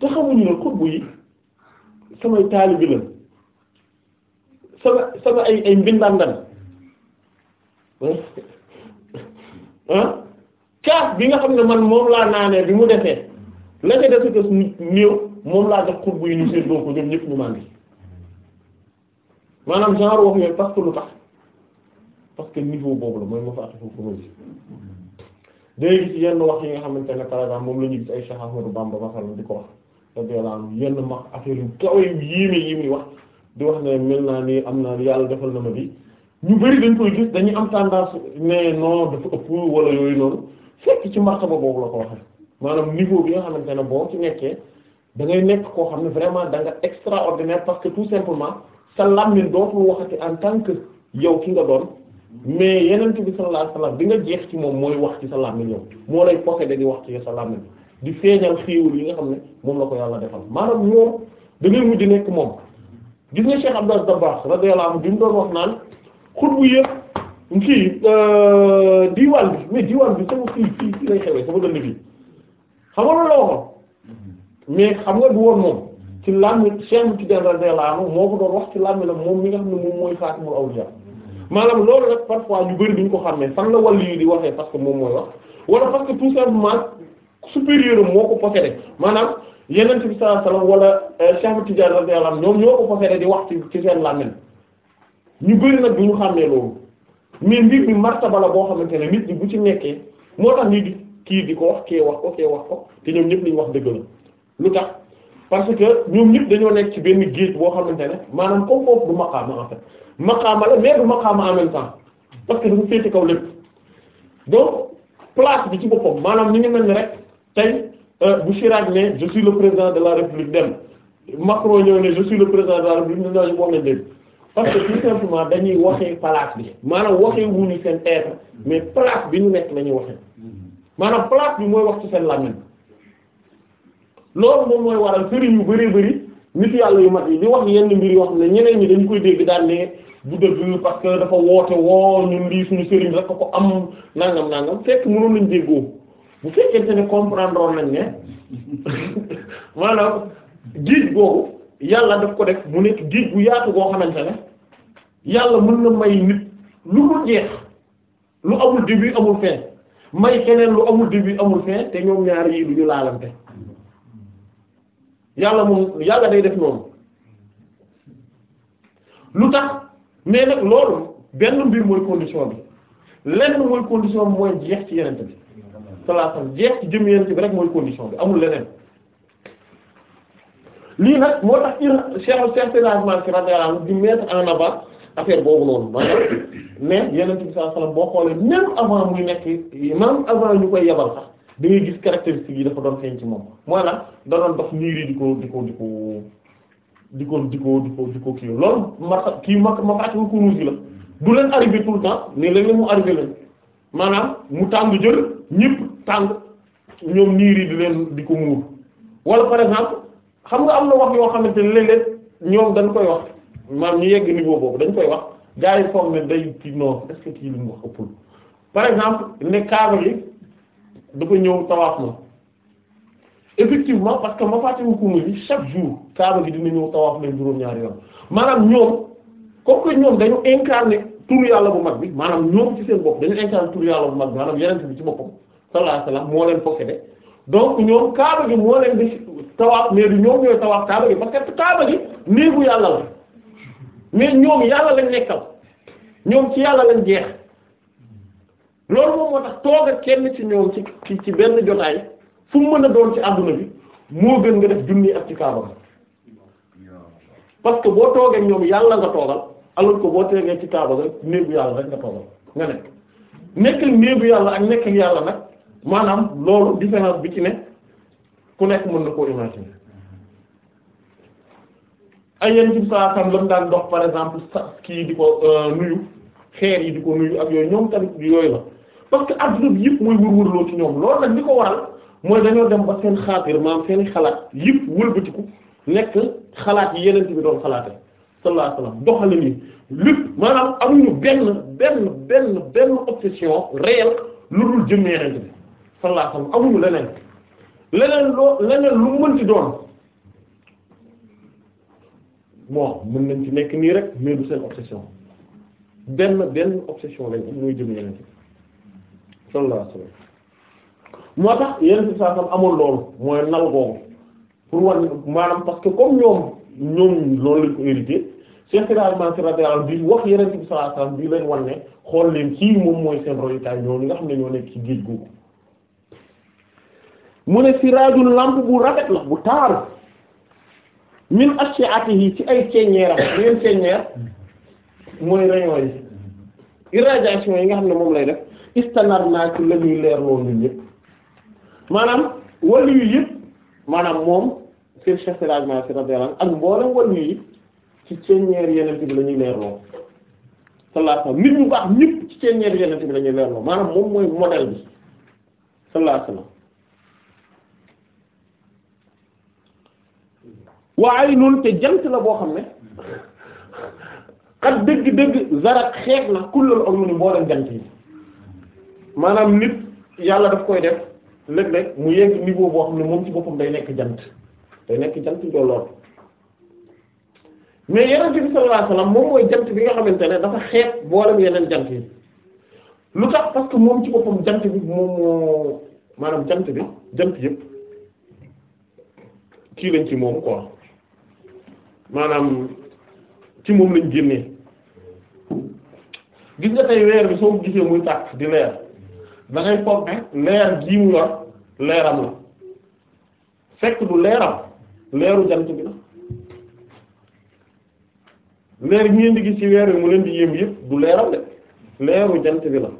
te xamuñu ne xutbu yi samay taalibi la sama sama ay ay mbindandan. kaas bi nga xam ne man moom laa naanee bi mu defee la ca def ko néew moom laa jox xurbu yi ñu séddoo ko ñoom ñëpp ñu màndi maanaam genre wax yooyu parce lu tax parce que boobu la mooy ma fa ataful folosi day gis yenn wax yi nga xamante ne par exemple moom la ñu gis ay Cheikh Ahmadou Bamba masal di ko wax radiyallahu yenn max affaire yu kawe yu yéeme yi wax di wax ne mel naa ni am naa yàlla defal na ma bi ñu bari dañ koy gis dañuy am tendance ne non dafa ëpp wala yooyu noonu fekk ci martaba boobu la ko waxee maanaam niveau bi nga xamante ne boo ci nekkee da ngay nekk koo xam ne vraiment da nga extraordinaire parce que tout simplement sa làmmiñ dootul waxati en tant que yow ki nga doon mais yeneen bi sallallahu alayhi wasallam bi nga jeex ci moom mooy wax ci sa làmmiñ yow moo lay posséder di wax ci sa làmmiñ di feeñal xéewal yi nga xam ne moom la ko yàlla defal maanaam moom da ngay mujj nekk moom gis nga Cheikh Abdou Dabakh radiyallahu anhu bi mu xutbu yëpp kii euh, diwaan bi mais diwaan bi sama fii fii fii lay xewee sama dënd fii xam nga loolu la waxoon mais xam nga du woon moom ci làmmi Cheikh Tidiane radiyallahu anhu moo ko doon wax ci làmmi la moom mi nga xam ne moom mooy xaatimul awliya maanaam loolu rek parfois ñu bëri duñ ko xàmmee fan la wàll yi di waxee parce que moom mooy wax wala parce que tout simplement supérieur moo ko possédé maanaam yeneen bi sallallahu alayhi wasallam wala euh, Cheikh Tidiane radiyallahu ñoom ñoo ko di wax ci ci seen làmmiñ ñu bëri nag bu ñu xàmmee loolu mais mbir bi martaba la boo xamante ne nit ñi bu ci nekkee moo tax nit di kii di ko wax kii wax ko kii wax ko te ñoom ñëpp liñ wax dëgg la lu tax parce que ñoom ñëpp dañoo nekk ci benn géej boo xamante ne maanaam comme foofu du maqaama en fait maqaama la mais du maqaama en même parce que dafa féete kaw lépp donc place bi ci boppam maanaam ni ngi mel ni rek tey euh, bu Chirac ne je suis le président de la République dem Macron parce que tout simplement dañuy waxee place bi maanaam waxee wuñu seen être mais place bi ñu nekk la ñuy waxee maanaam place bi mooy wax ci seen làmmiñ loolu moom mooy waral sëriñ yu bëree bëri nit yàlla yu mat yi di wax yenn mbir yoo xam ñeneen ñi dañ koy dégg daal bu dëgg parce que dafa woote woo ñun lii suñu sëriñ rek ko am nangam nangam fekk mënoon lañ déggoo bu fekkente ne comprendre nañ ne maanaam géej boobu. yàlla daf ko def mu nekk géej bu yaatu boo xamante ne yàlla mën na may nit lu dul jeex lu amul début amul fin may keneen lu amul début amul fin te ñoom ñaar yii du ñu laalante yàlla moom yàlla day def noonu lu tax mais nag loolu benn mbir mooy condition bi lenn mooy condition bi mooy jeex ci yenente bi sallallahu alayhi wasallam jeex ci jëm yenente bi rek mooy condition bi amul leneen lii nag moo tax ci Cheikh Cheikh Seydina Ousmane Sy radiyallahu anhu di mettre en avant affaire boobu noonu maanaam mais Yonent bi sallallahu alayhi wasallam boo xoolee même avant muy nekk même avant ñu koy yebal sax da ngay gis caractéristiques yi dafa doon feeñ ci moom mooy nag da doon dox niiri di ko di ko di ko di ko di ko di ko di ko kii loolu ma kii ma ma fàttali ko ruus la du leen arrivé tout le temps mais léeg-léeg mu arrivé leen maanaam mu tàng jël ñëpp tàng ñoom niiri di leen di ko muur wala par exemple. xam nga am na wax yoo xamante ne léeg-léeg ñoom dañ koy wax maam ñu yegg niveau boobu dañ koy wax gars yi foog ne day ci non est-ce que kii li mu wax ëppul par exemple ne kaaba gi dafa ñëw tawaaf na effectivement parce que ma fàttewu ko yi chaque jour kaaba gi dina ñëw tawaaf nañ juróom-ñaari yoon maanaam ñoom comme que ñoom dañu incarné turu yàlla bu mag bi maanaam ñoom ci seen bopp dañu incarné turu yàlla bu mag bi maanaam yeneen bi boppam sallallahu alayhi wasallam donc ñoom kaaba gi moo leen di tawaaf mais du ñoom ñooy tawaaf kaaba gi parce que kaaba gi néegu yàlla la mais ñoom yàlla lañ nekkal ñoom ci yàlla lañ jeex loolu moom moo tax toog kenn ci ñoom ci ci benn jotaay fu mu mën a doon ci àdduna bi moo gën nga def junni ak ci kaaba gi parce que boo toogee ñoom yàlla nga toogal alors que boo tegee ci kaaba gi néegu yàlla rek nga toogal nga nekk nekk néegu yàlla ak nekk yàlla nag maanaam loolu différence bi ci ne ku nekk mën na koo imaginer ay yenn ci saa tam la mu daan dox par exemple sax kii di ko euh, nuyu xeer yi di ko nuyu ak yooyu ñoom tamit yooyu la parce que adduna bi yëpp mooy wër-wërloo ci ñoom loolu nag li ko waral mooy dañoo dem ba seen xaatir maanaam seen xalaat yëpp wëlbatiku nekk xalaat yi yeneen bi doon xalaate sallallahu alayhi wasallam doxale nii lépp maanaam amuñu benn benn benn benn obsession réelle lu dul jëmee yeneen sallallahu alayhi wasallam amuñu leneen leneen loo leneen lu mën ci doon moo mën nañ ci nekk nii rek mais seen obsession benn benn obsession lañ am mooy jëm yeneen sallallahu moo tax yeneen si saa sam amoon loolu mooy nal googu pour wan maanaam parce que comme ñoom ñoom loolu lañ ko hérité Cheikh Ibrahim Mansour radiyallahu anhu bi wax yeneen si sallallahu alayhi leen wan ne xool leen kii moom mooy seen royukaay ñoo ñi nga xam ne ñoo nekk ci géej googu mu ne siraajul lamp bu rafet la bu taaru min ashiatihi ci ay ceññeeram yeen ceññeer mooy rayon yi irradiation yi nga xam ne moom lay def istanar naa ci la ñuy leer loolu ñun yëpp maanaam wàllu yu yëpp maanaam moom seen chef de logement si ak mboolem wàllu yi ci ceññeer yeneen bi la ñuy leer loolu sallallahu alayhi wasallam nit ñu baax ñëpp ci ceññeer yeneen bi la ñuy maanaam moom mooy modèle bi sallallahu waa ay loolu te jant la boo xam ne xat dëgg-dëgg zarat xeex na kullal uyuni mboolem jant yi maanaam nit yàlla daf koy def léeg-léeg mu yegg niveau boo xam ne moom ci boppam day nekk jant day nekk jant jolloon mais yonent bi sallallahu jant bi nga xamante ne dafa xeet boolem yeneen jant yi lu tax parce moom ci boppam jant bi moom moo maanaam jant bi jant yëpp kii lañ ci moom quoi maanaam ci moom lañ génnee gis nga tey weer bi soo gisee muy tàkk di leer da ngay foog leer gii mu yor leeram la fekk du leeram leeru jant bi la leer gi ngeen di ci weer bi mu leen di yéem yëpp du leeram de leeru jant bi la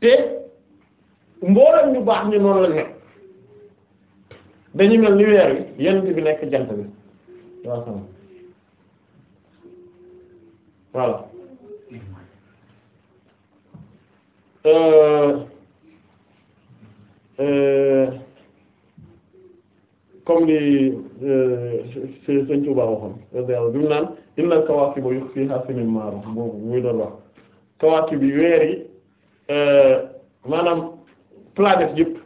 te mboolem ñu baax ñu noonu la nekk dañu mel ni weer wi yenent bi nekk jant bi waaw voilà euh, euh, comme li euh, Sëriñ Tuubaa waxoon bi mu naan innal kawaakiba yukhfiihaa sinun ma'ruuf boobu muy doon wax kawaakib yi weer yi maanaam planète yëpp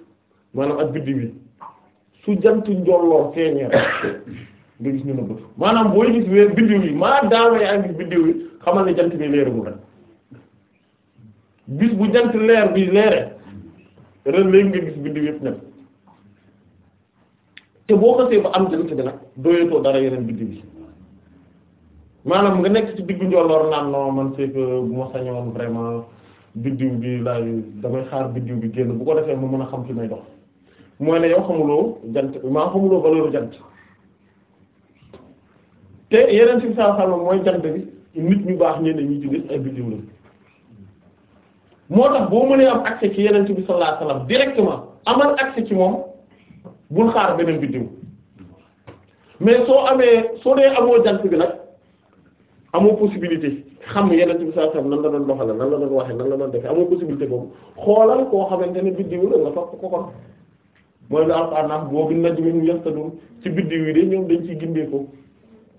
maanaam ak biddiw yi su jant njolloor feeñee nga gis ñu nëbbatu maanaam booy gis weer biddiw yi maa daama yaa ngi biddiw yi xamal ne jant bi leeragul rek bis bu jant leer bi leere ren léegi nga gis biddiw yëpp nag te boo xasee ba am jant bi nag doyatoo dara yeneen biddiw yi maanaam nga nekk ci diggu njolloor naan non man c'est que bu ma sañoon vraiment biddiw bi laay damay xaar biddiw bi génn bu ko defee ma mën a xam fi may dox mooy ne yow xamuloo jant maa xamuloo valeur jant te yeneen ci saa xam mooy jant bi nit ñu baax ñenn ñu ci des ay biddiw la moo tax boo mënee am accès ci yeneen bi sallallahu alayhi wasallam directement amal accès ci moom bul xaar beneen biddiw mais soo amee soo dee amoo jant bi nag amoo possibilité xam yeneen bi sallallahu alayhi wasallam nan la doon doxale nan la doon waxee nan la doon defee amoo possibilité boobu xoolal koo xamante ne biddiw la nga topp ko kon mooy lu alxuraan naan boo bin najmi hum yahtadun ci biddiw yi de ñoom dañ ciy gindeeku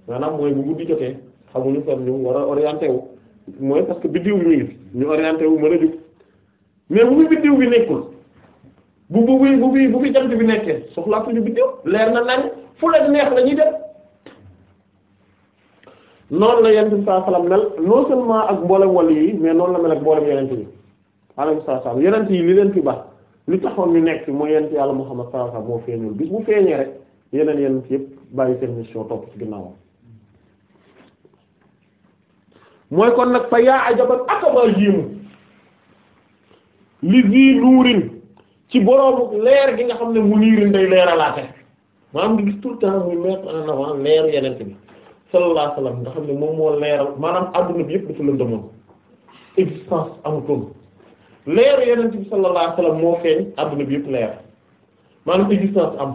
maanaam mooy bu guddi jotee xamuñu fan ñu war a orienté wu mooy parce que biddiw bi mu ngi ñu orienté wu mën a jóg mais bu fi biddiw bi nekkul bu bu bu bu fi bu fi jant bi nekkee soxlaatuñu biddiw leer na nañ fu la neex la ñuy def noonu la yonent bi sallallahu alayhi wa sallam mel non seulement ak mboolem wàll yi mais noonu la mel ak mboolem yonent yi alayhi salaam yonent yi li leen fi baax. li taxoon ñu nekk fi mooy yonent yàlla Muhammad sallallahu alayhi wasallam moo feeñul bis mu feeñee rek yeneen yenn ci yëpp bàyyi seen mission topp ci ginnaawam mooy kon nag fa yaa ajaban akaba jiimu li leer gi nga xam ne mu niirin day leeralaate maanaam di gis tout le temps bi sallallahu alayhi wasallam nga xam ne moom moo leeral maanaam adduna bi yëpp dafa lëndëmoon existence amutoon leeru yenent bi sallallahu alayhi moo feeñ adduna bi yëpp leer maanaam existence am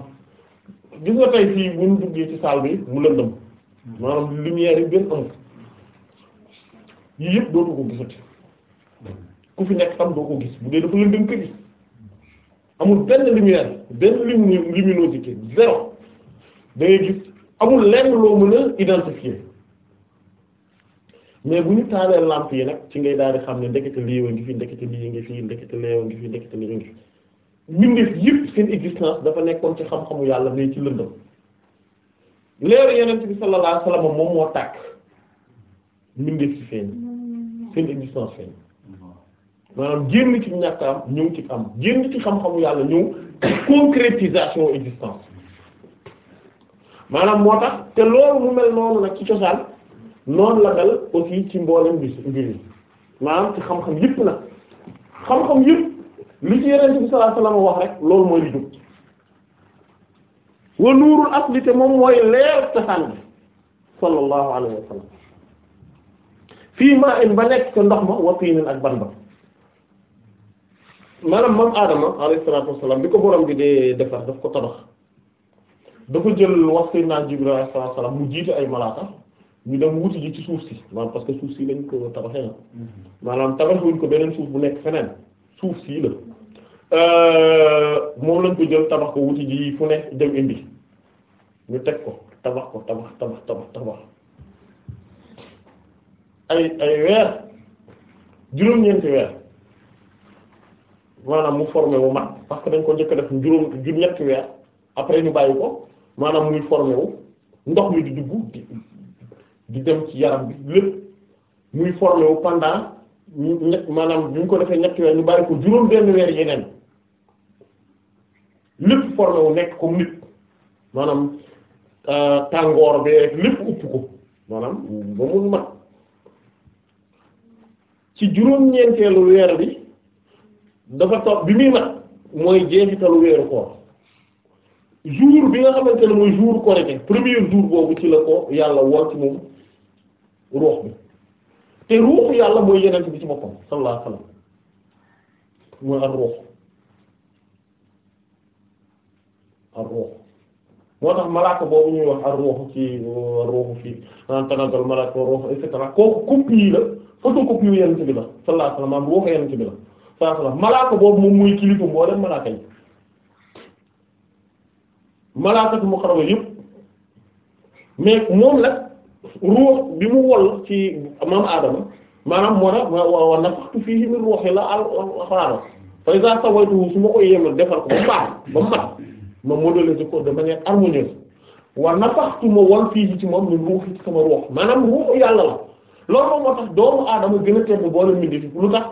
gis nga tey fii bu ñu duggee bi mu lëndëm maanaam lumière yi benn amul yii yëpp dootu ko gisati ku fi nekk tam doo ko gis bu dee dafa lëndëm kër gi amul benn lumière benn luminosité zéro da gis amul lenn loo mën a identifier mais bu ñu taalee lamp yi nag ci ngay daal xam ne ndekete lii wa ngi fi ndekete lii ngi fi ndekete lee wa ngi fi ndekete lii ngi fi mbindeef yëpp seen existence dafa nekkoon ci xam-xamu yàlla mais ci lëndëm leeru yeneen bi sallallahu alayhi wa sallam moom moo tàkk mbindeef ci feeñ seen existence feeñ ci ñàkk am ñëw ci am génn ci xam-xamu yàlla ñëw concrétisation existence maanaam moo tax te loolu mu mel noonu nag ci cosaan noonu la dal aussi ci mboolem bi mbir yi maanaam ci xam-xam yëpp nag xam-xam yëpp li ci yeneen bi sallallahu wax rek loolu mooy li jub wa moom mooy leer cosaan bi sallallahu alayhi wa sallam fii maa in ba nekk ndox ma wa ak ban ba maanaam moom Adama alayhi salaatu wasalaam bi ko borom bi dee defar daf ko tabax dafa jël wax Seydina Jibril alayhi salaam mu jiite ay malaaka ñu dem wuti ci suuf si maanaam parce que suuf si lañ ko tabaxee na mhm. maanaam tabaxuñ ko beneen suuf bu nekk feneen suuf sii la euh, moom lañ ko jël tabax ko wuti ji fu ne dem indi ñu teg ko tabax ko tabax tabax tabax tabax ay ay weer juróom-ñeenti weer maanaam mu formé wu mat parce que dañ ko njëkk def juróom jur ñetti weer après ñu bàyyi ko maanaam muy formé wu ndox mi di dugg di dem ci yaram bi lépp muy formé wu maanaam bu ñu ko defee ñetti weer ñu bari ko juróom benn weer yeneen lépp formé wu nekk comme nit maanaam euh, tàngoor bi lépp upp ko maanaam ba mu mat ci juróom-ñeenteelu weer bi dafa to bi muy mat mooy jeexitalu weeru koor jour bi nga xamante ne mooy jour korité premier jour boobu ci la ko yàlla wol ci moom ruux bi te ruuxu yàlla mooy yenent bi ci boppam sallallahu alayhi wasallam mooy ar ruux ar ruux moo tax malaaka boobu ñuy wax ar ruux ci ruuxu fii naan tanazzal malaaka ruux et cetera kooku copie la photocopie yu yenent bi la sallallahu alayhi wasallam ruuxu yenent bi la sallallahu alayhi wasallam malaaka boobu moom mooy kilifa moo dem malaaka yi malaakatu mukarrama yëpp moom nag ruux bi mu wol ci maam Adama maanaam moo tax wa nafaxtu fiihi min ruuhii la al-Qur'aan fa izaa sawaytuhu su ma ko yemal defar ko ba baax ba mat ma modéliser ko de manière harmonieuse wa nafaxtu ma fii fiihi ci moom min ruuhii ci sama ruux maanaam ruuxu yàlla la loolu moom moo tax doomu Adama gën a tedd boole mbindeef yi lu tax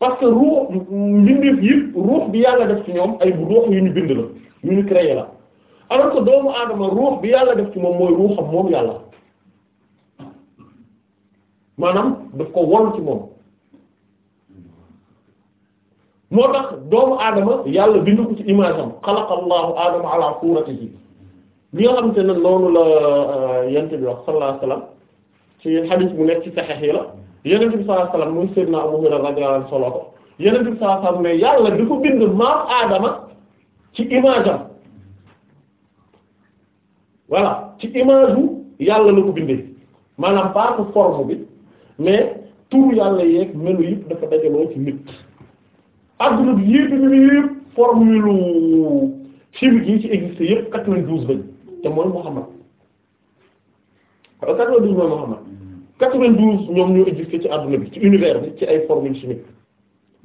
parce que ruux mbindeef yi ruux bi yàlla def ci ñoom ay ruux yu ñu bind la yu ñu créé la alors que doomu Adama ruux bi yàlla def ci moom mooy ruuxam moom yàlla. maanaam daf ko won ci moom moo tax doomu aadama yàlla bindu ci image am xalaqallahu aadama ala suratihi li nga xamante ne noonu la euh, yent bi wax sallallahu alayhi wasallam ci hadith bu nekk ci saxeex yi la yenent bi sallallahu alayhi wasallam muy sayyidina Abu Hurayra radiyallahu anhu soloo ko yenent bi sallallahu alayhi ma ne yàlla dafa bind maam aadama ci image am voilà ci image bu yàlla la ko bindee maanaam baatu forme bi mais turu yàlla yeeg melu yëpp dafa dajaloo ci nit adduna bi yëpp ñu yëpp formule chimique yi ci existe yëpp quatre-vingt-douze lañ te mooy Muhammad quatre-vingt-douze ñoom ñoo existe ci adduna bi ci univers ci ay formule chimique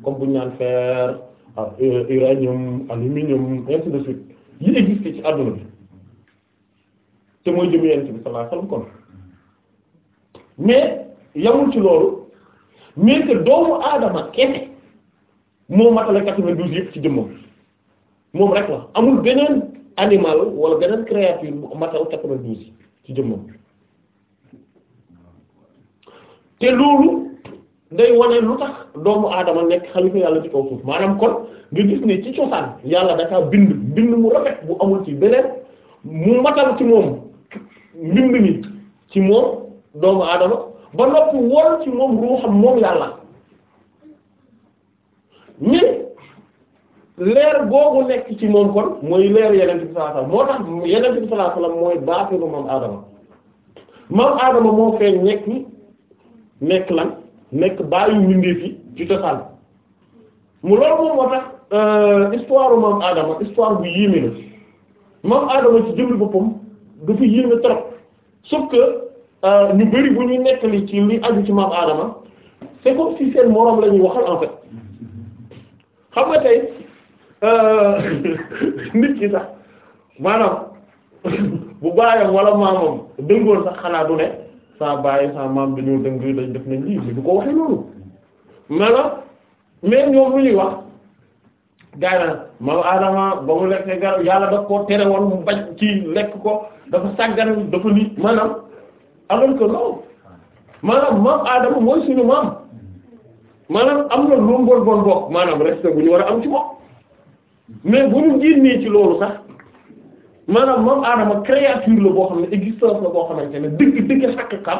comme bu ñaan naan fer ah, euh, uranium aluminium ainsi de suite yi existe ci adduna bi te mooy jëm yent bi sallallahu alayhi kon mais yamul ci loolu mais que doomu aadama kese moo matale quatre-vingt-douze yëpp ci jëmmam moom rek la amul beneen animal wala beneen créature bu matal quatre vingt yi ci jëmmam te loolu day wane lu tax doomu aadama nekk xalifa yàlla ci kaw suuf maanaam kon nga gis ne ci cosaan yàlla dafa bind bind mu rafet bu amul ci beneen mu matal ci moom mbind mi ci moom doomu aadama ba noppi wol ci moom ruuxam moom yàlla ni leer googu nekk ci moom kon mooy leer yeneen bi sallallahu moo tax yeneen bi sallallahu mooy baatinu moom aadama moom aadama moo feeñ nekk nekk lan nekk bàyyi mbindeef yi ci cosaan mu loolu moom moo tax euh, histoire moom aadama histoire bu yéeme la moom aadama ci jëmmi boppam dafa yéeme trop sauf Euh, ñu bari bu ñu nettali ci li aju ci maam Adama c'est comme seen moroom la ñuy waxal en xam nga tey euh, nit ki sax maanaam bu baayam wala maamam dëngoon sax xanaa du ne saa baay saa maam dañoo dëng dañ def nañ lii mais du ko waxee loolu maanaam mais ñoom lu ñuy wax gaa maam Adama ba mu lekk garab yàlla daf koo tere woon mu bañ ci lekk ko dafa sàggan dafa lii maanaam. alors ko non maanaam maam Adama mooy suñu maam maanaam am na lu bon bon bokk maanaam respect bu ñu war a am ci moom mais bu ñu génnee ci loolu sax maanaam maam Adama créature la boo xam ne existence la boo xamante ne dëgg dëgg xàqkam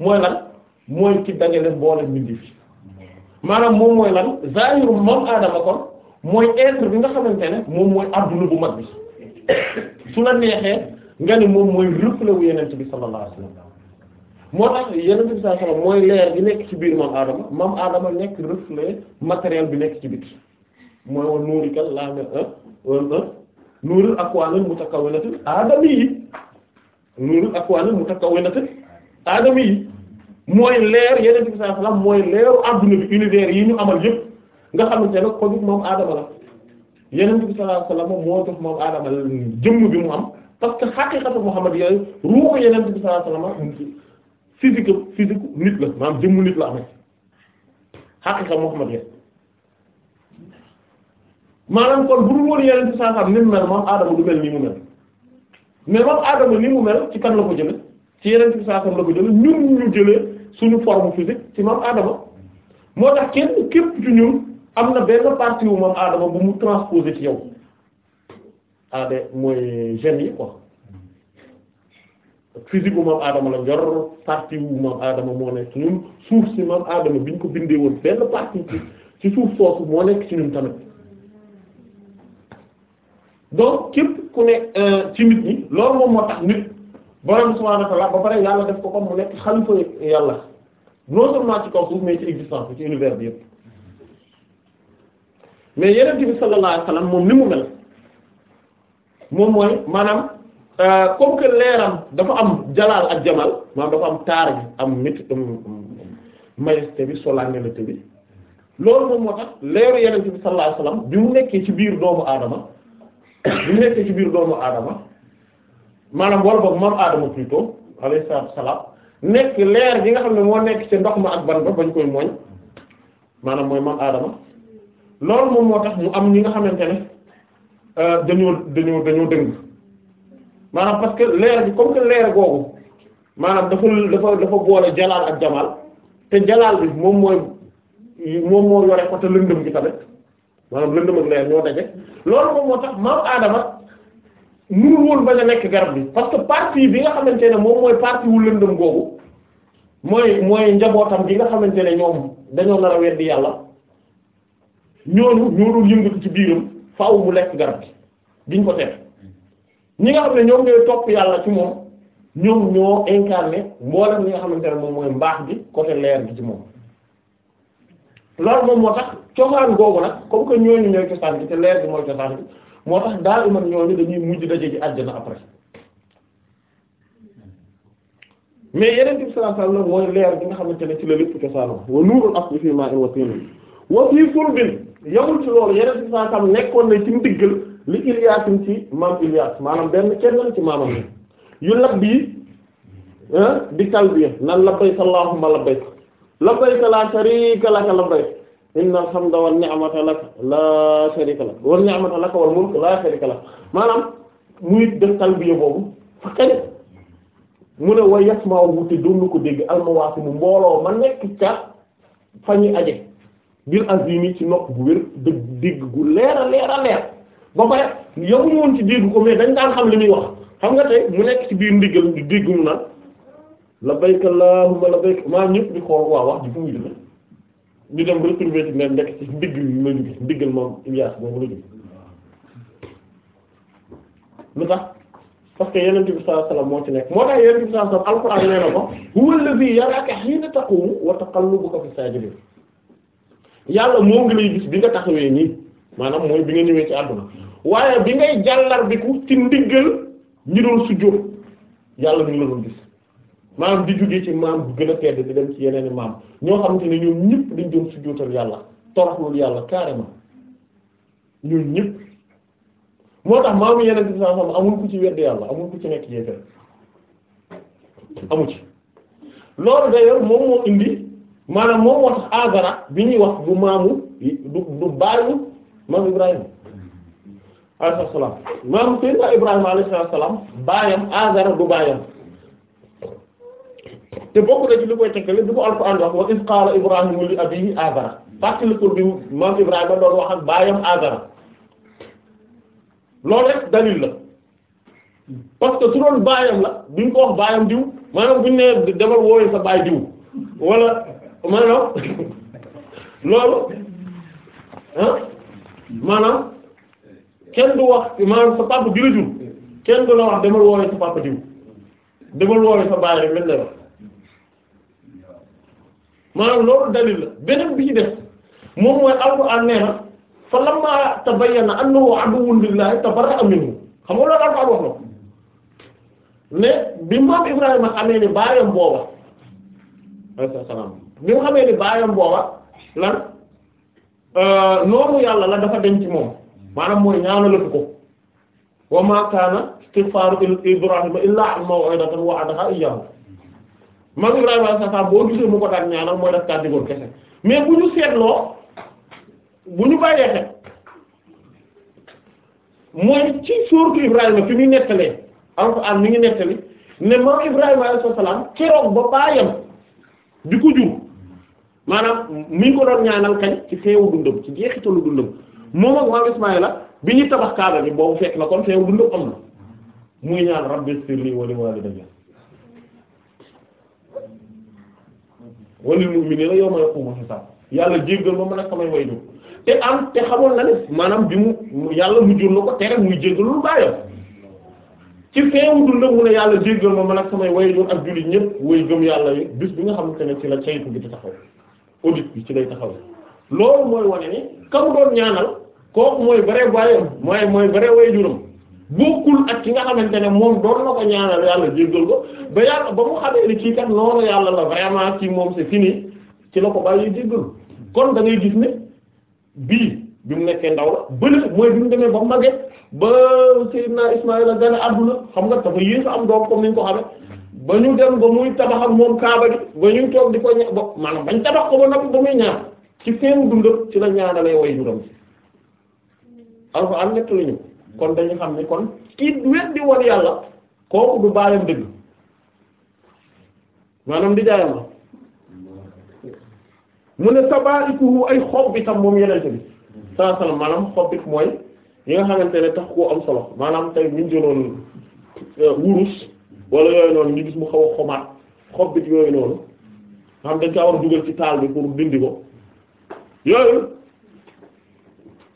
mooy lan mooy ci dajale mboolem bindif yi maanaam moom mooy lan zahiru maam aadama kon mooy être bi nga xamante ne moom mooy àdduna bu mag bi su la neexee nga ne moom mooy reflet wu bi sallallahu alayhi moo tax yeneen bi saa mooy leer gi nekk ci biir maam Adama maam aadama nekk reflet matériel bi nekk ci biti mooy woon nuuri kal laa ne un nuurul akwaanin mutakawwinatin aadami yi nuurul akwaanin mutakawwinatin aadami yi mooy leer yeneen bi saa sallam mooy leeru adduna bi univers yi ñu amal yëpp nga xamante ne ko bi moom aadama la yeneen bi saa sallam moo jox moom Adama jëmm bi mu am parce que xaqiqatu Muhammad yooyu ruuxu yeneen bi saa sallam physique physique nit la maanaam jëmmu nit la amee xaqiqa Muhammad ya maanaam kon bu dul woon yeneen ci saasam mu mel moom Adama du mel nii mu mel mais moom Adama ni mu mel ci kan la ko jële ci yeneen ci la ko jële ñun ñu jëlee suñu forme physique ci moom Adama moo tax kenn képp ci ñun am na benn partie wu moom Adama bu mu transposé ci yow aade ah, mooy gènes yi quoi physique bu moom aadama la yor partie bu moom aadama moo nekk ñun suuf si moom aadama bi ñu ko bindee woon benn partie ci ci suuf soosu moo nekk ci ñun tamit donc képp ku ne euh, ci nit ñi loolu moom moo tax nit borom subhanahu wa ta'ala ba pare yàlla def ko comme mu nekk xalifa yàlla non seulement ci kaw suuf mais ci existence bi ci univers bi yëpp mais yeneen bi sallallahu alayhi wa moom ni mu mel moom mooy maanaam. Euh, comme que leeram dafa am jalaal ak jamal maanaam dafa am taar bi am métti am majesté bi solennité bi loolu moom moo tax leeru yonent bi sallallahu alayhi wasallam bi mu nekkee ci biir doomu aadama bi mu nekkee ci biir doomu aadama maanaam wala boog maam aadama plutôt alayhi salaam nekk leer bi nga xam ne moo nekk ci ndox ma ak ban ba bañ koy mooñ maanaam mooy man aadama loolu moom moo tax mu am ñi nga xamante ne euh, dañoo dañoo dañoo dëng maanaam parce que leer bi comme que leer googu maanaam dafa dafa dafa boole jalaal ak jamaal te jalaal bi moom mooy moom moo yore côté lëndëm gi tamit maanaam lëndëm ak leer ñoo daje loolu moom moo tax maam aadama mënul woon bañ a nekk garab bi parce que partie bi nga xamante ne moom mooy partie wu lëndëm googu mooy mooy njabootam gi nga xamante ne ñoom dañoo nar a weddi yàlla ñooñu ñoo doon yëngatu ci biiram faaw lekk garab gi biñ ko teef ñi nga xam ne ñoom ñooy topp yàlla ci moom ñoom ñoo incarné mboolem ñi nga xamante ne moom mooy mbaax bi côté leer gi ci moom loolu moom moo tax cosaan googu nag comme que ñooñu ñooy cosaan bi te leer bi mooy cosaan bi moo tax daal man ñooñu dañuy mujj daje ji àjjana après mais yeneen bi sallallahu alayhi wasallam mooy leer bi nga xamante ne ci la lépp cosaanoo wa nuurul asli fii maa'in wa tiin wa fii surbin yamul ci loolu yeneen bi sallallahu alayhi wasallam nekkoon li Ilyaasin ci maam Ilyaas maanaam benn kenn la ci maamam ni yu labbi ah, di talbiya nan labbayka allahumma labbayk labbayka laa sharika laka labbayk inna alhamda wan ni'mata laka laa sharika laka wan ni'mata laka wal mulk laa sharika laka maanaam muy def talbiya boobu fa kañ mu ne way yasma'u te doon ko dégg almawaasimu mbooloo ma nekk ca fa ñuy aje bil azimi ci nopp bu wér dëgg dégg gu leer a leer ba pare yow ñu woon ci dégg ko mais dañ daan xam li muy wax xam nga tey mu nekk ci biir ndigal di dégg mu naan labbayk allahumma labbayk maa ñëpp di xool waa wax ji fu muy jóge ñu dem retrouver ci ne nekk ci ndigg ma jóge ndiggal moom tax parce que yonent bi sallallahu alayhi wasallam moo ci nekk moo tax yonent bi sallallahu alayhi wasallam alxuraan nee na ko huwa allazi yaraka hiina taqumu wa yàlla moo ngi lay gis bi nga taxawee nii maanaam mooy bi nga ñëwee ci àdduna waaye bi ngay jàllarbiku ci ndiggal ñi doon sujjóot yàlla ñu la doon gis maam di jógee ci maam bu gën a tedd di dem ci yeneen maam ñoo xamante ne ñoom ñëpp dañ doon sujjóotal yàlla toroxlul yàlla carrément ñoom ñëpp moo tax maamu yeneen bi saa sama amul ku ci wedd yàlla amul ku ci nekk yéeféer amu ci loolu d'ailleurs moom moo indi maanaam moom moo tax bi ñuy wax bu maamu du du baayu maam Ibrahima alayhi salaam maanaam Seydina Ibrahima salaam baayam Aazara du baayam te bokk na ci li koy tekkale du ko Alxuraan wax wa iz qaala Ibraahiima li abiihi Aazara fàttaliku bi maam Ibrahima doon wax ak baayam Aazara loolu rek dalil la parce que su doon baayam la duñ ko baayam diw maanaam buñ ne demal wooyee sa baay diw wala maanaam loolu ah kenn du wax maanaam sa papa bi kenn du la wax demal woowee sa papa diw demal woowee sa baay rek lañ lay wax maanaam loolu dalil la beneen bi ci def moom mooy alxuraan nee na fa lamma tabayyana annahu aduwwun lillahi tabarra'a minhu xam nga loolu alxuraan wax na mais bi maam Ibrahima xamee ni baayam booba alayhi salaam bi mu baayam booba lan euh, noonu yàlla la dafa denc moom. maanaam mooy ñaanalatu ko wa ma kaana istighfaaru Ibrahima illaa an maw'idatan wa'adahaa iyyaahu maam Ibrahima alayhi salaam boo gisee mu ko daan ñaanal mooy daf kaa digoon kese mais bu ñu seetloo bu ñu bàyyee xel mooy ci suurtu Ibrahima fi muy nettalee Alxuraan mi ngi nettali ne maam Ibrahima alayhi salaam keroog ba baayam di ko jur maanaam mi ngi ko ñaanal kañ ci feewu dundam ci jeexitalu dundam. moom ak maam Ismaïla bi ñuy tabax kaaba bi boobu fekk na kon feew dund am na muy ñaan rabbi sirli wa li walidayya wa lil mu'minina yawma yàlla jéggal ma mën te am te xamoon na ne maanaam bi mu yàlla mujjul na ko tere muy jéggal lu bàyyam ci feewu dundam mu ne yàlla jéggal ma man ak samay waajur ak jullit ñëpp way gëm yàlla bis bi nga xamante ne ci la caytu bi di taxaw audit bi ci lay taxaw loolu mooy wane ni ka doon ñaanal kooku mooy vrai baayam mooy mooy vrai waajuram bokkul ak ki nga xamante ne moom doon na ko ñaanal yàlla jéggal ko ba yàlla ba mu xamee ni kii kat noonu yàlla la vraiment ci moom c'est fini ci la ko bàyyi jéggal kon da ngay gis ne bii bi mu nekkee ndaw la bële mooy bi mu demee ba màggee ba Seydina Ismaïla gën a àdduna xam nga dafa yées am doom comme ni ko xamee ba ñu dem ba muy tabax moom kaaba gi ba ñu toog di ko ña ba maanaam bañ tabax ko ba noppi ba muy ci seen dundam ci la ñaanalee way juram alxuraan nett lañu kon dañu xam ne kon kii weddi woon yàlla kooku du baayam dëgg maanaam di jaayam mu ne sabaarikuhu ay xob bi tam moom yenente bi saa maanaam xob bi mooy yi nga xamante ne tax koo am solo maanaam tey muñ jëloon euh, wurus wala yooyu noonu ñu gis mu xaw a xomaat xob bi yooyu noonu xam dañ ko war ci taal bi pour dindi ko yooyu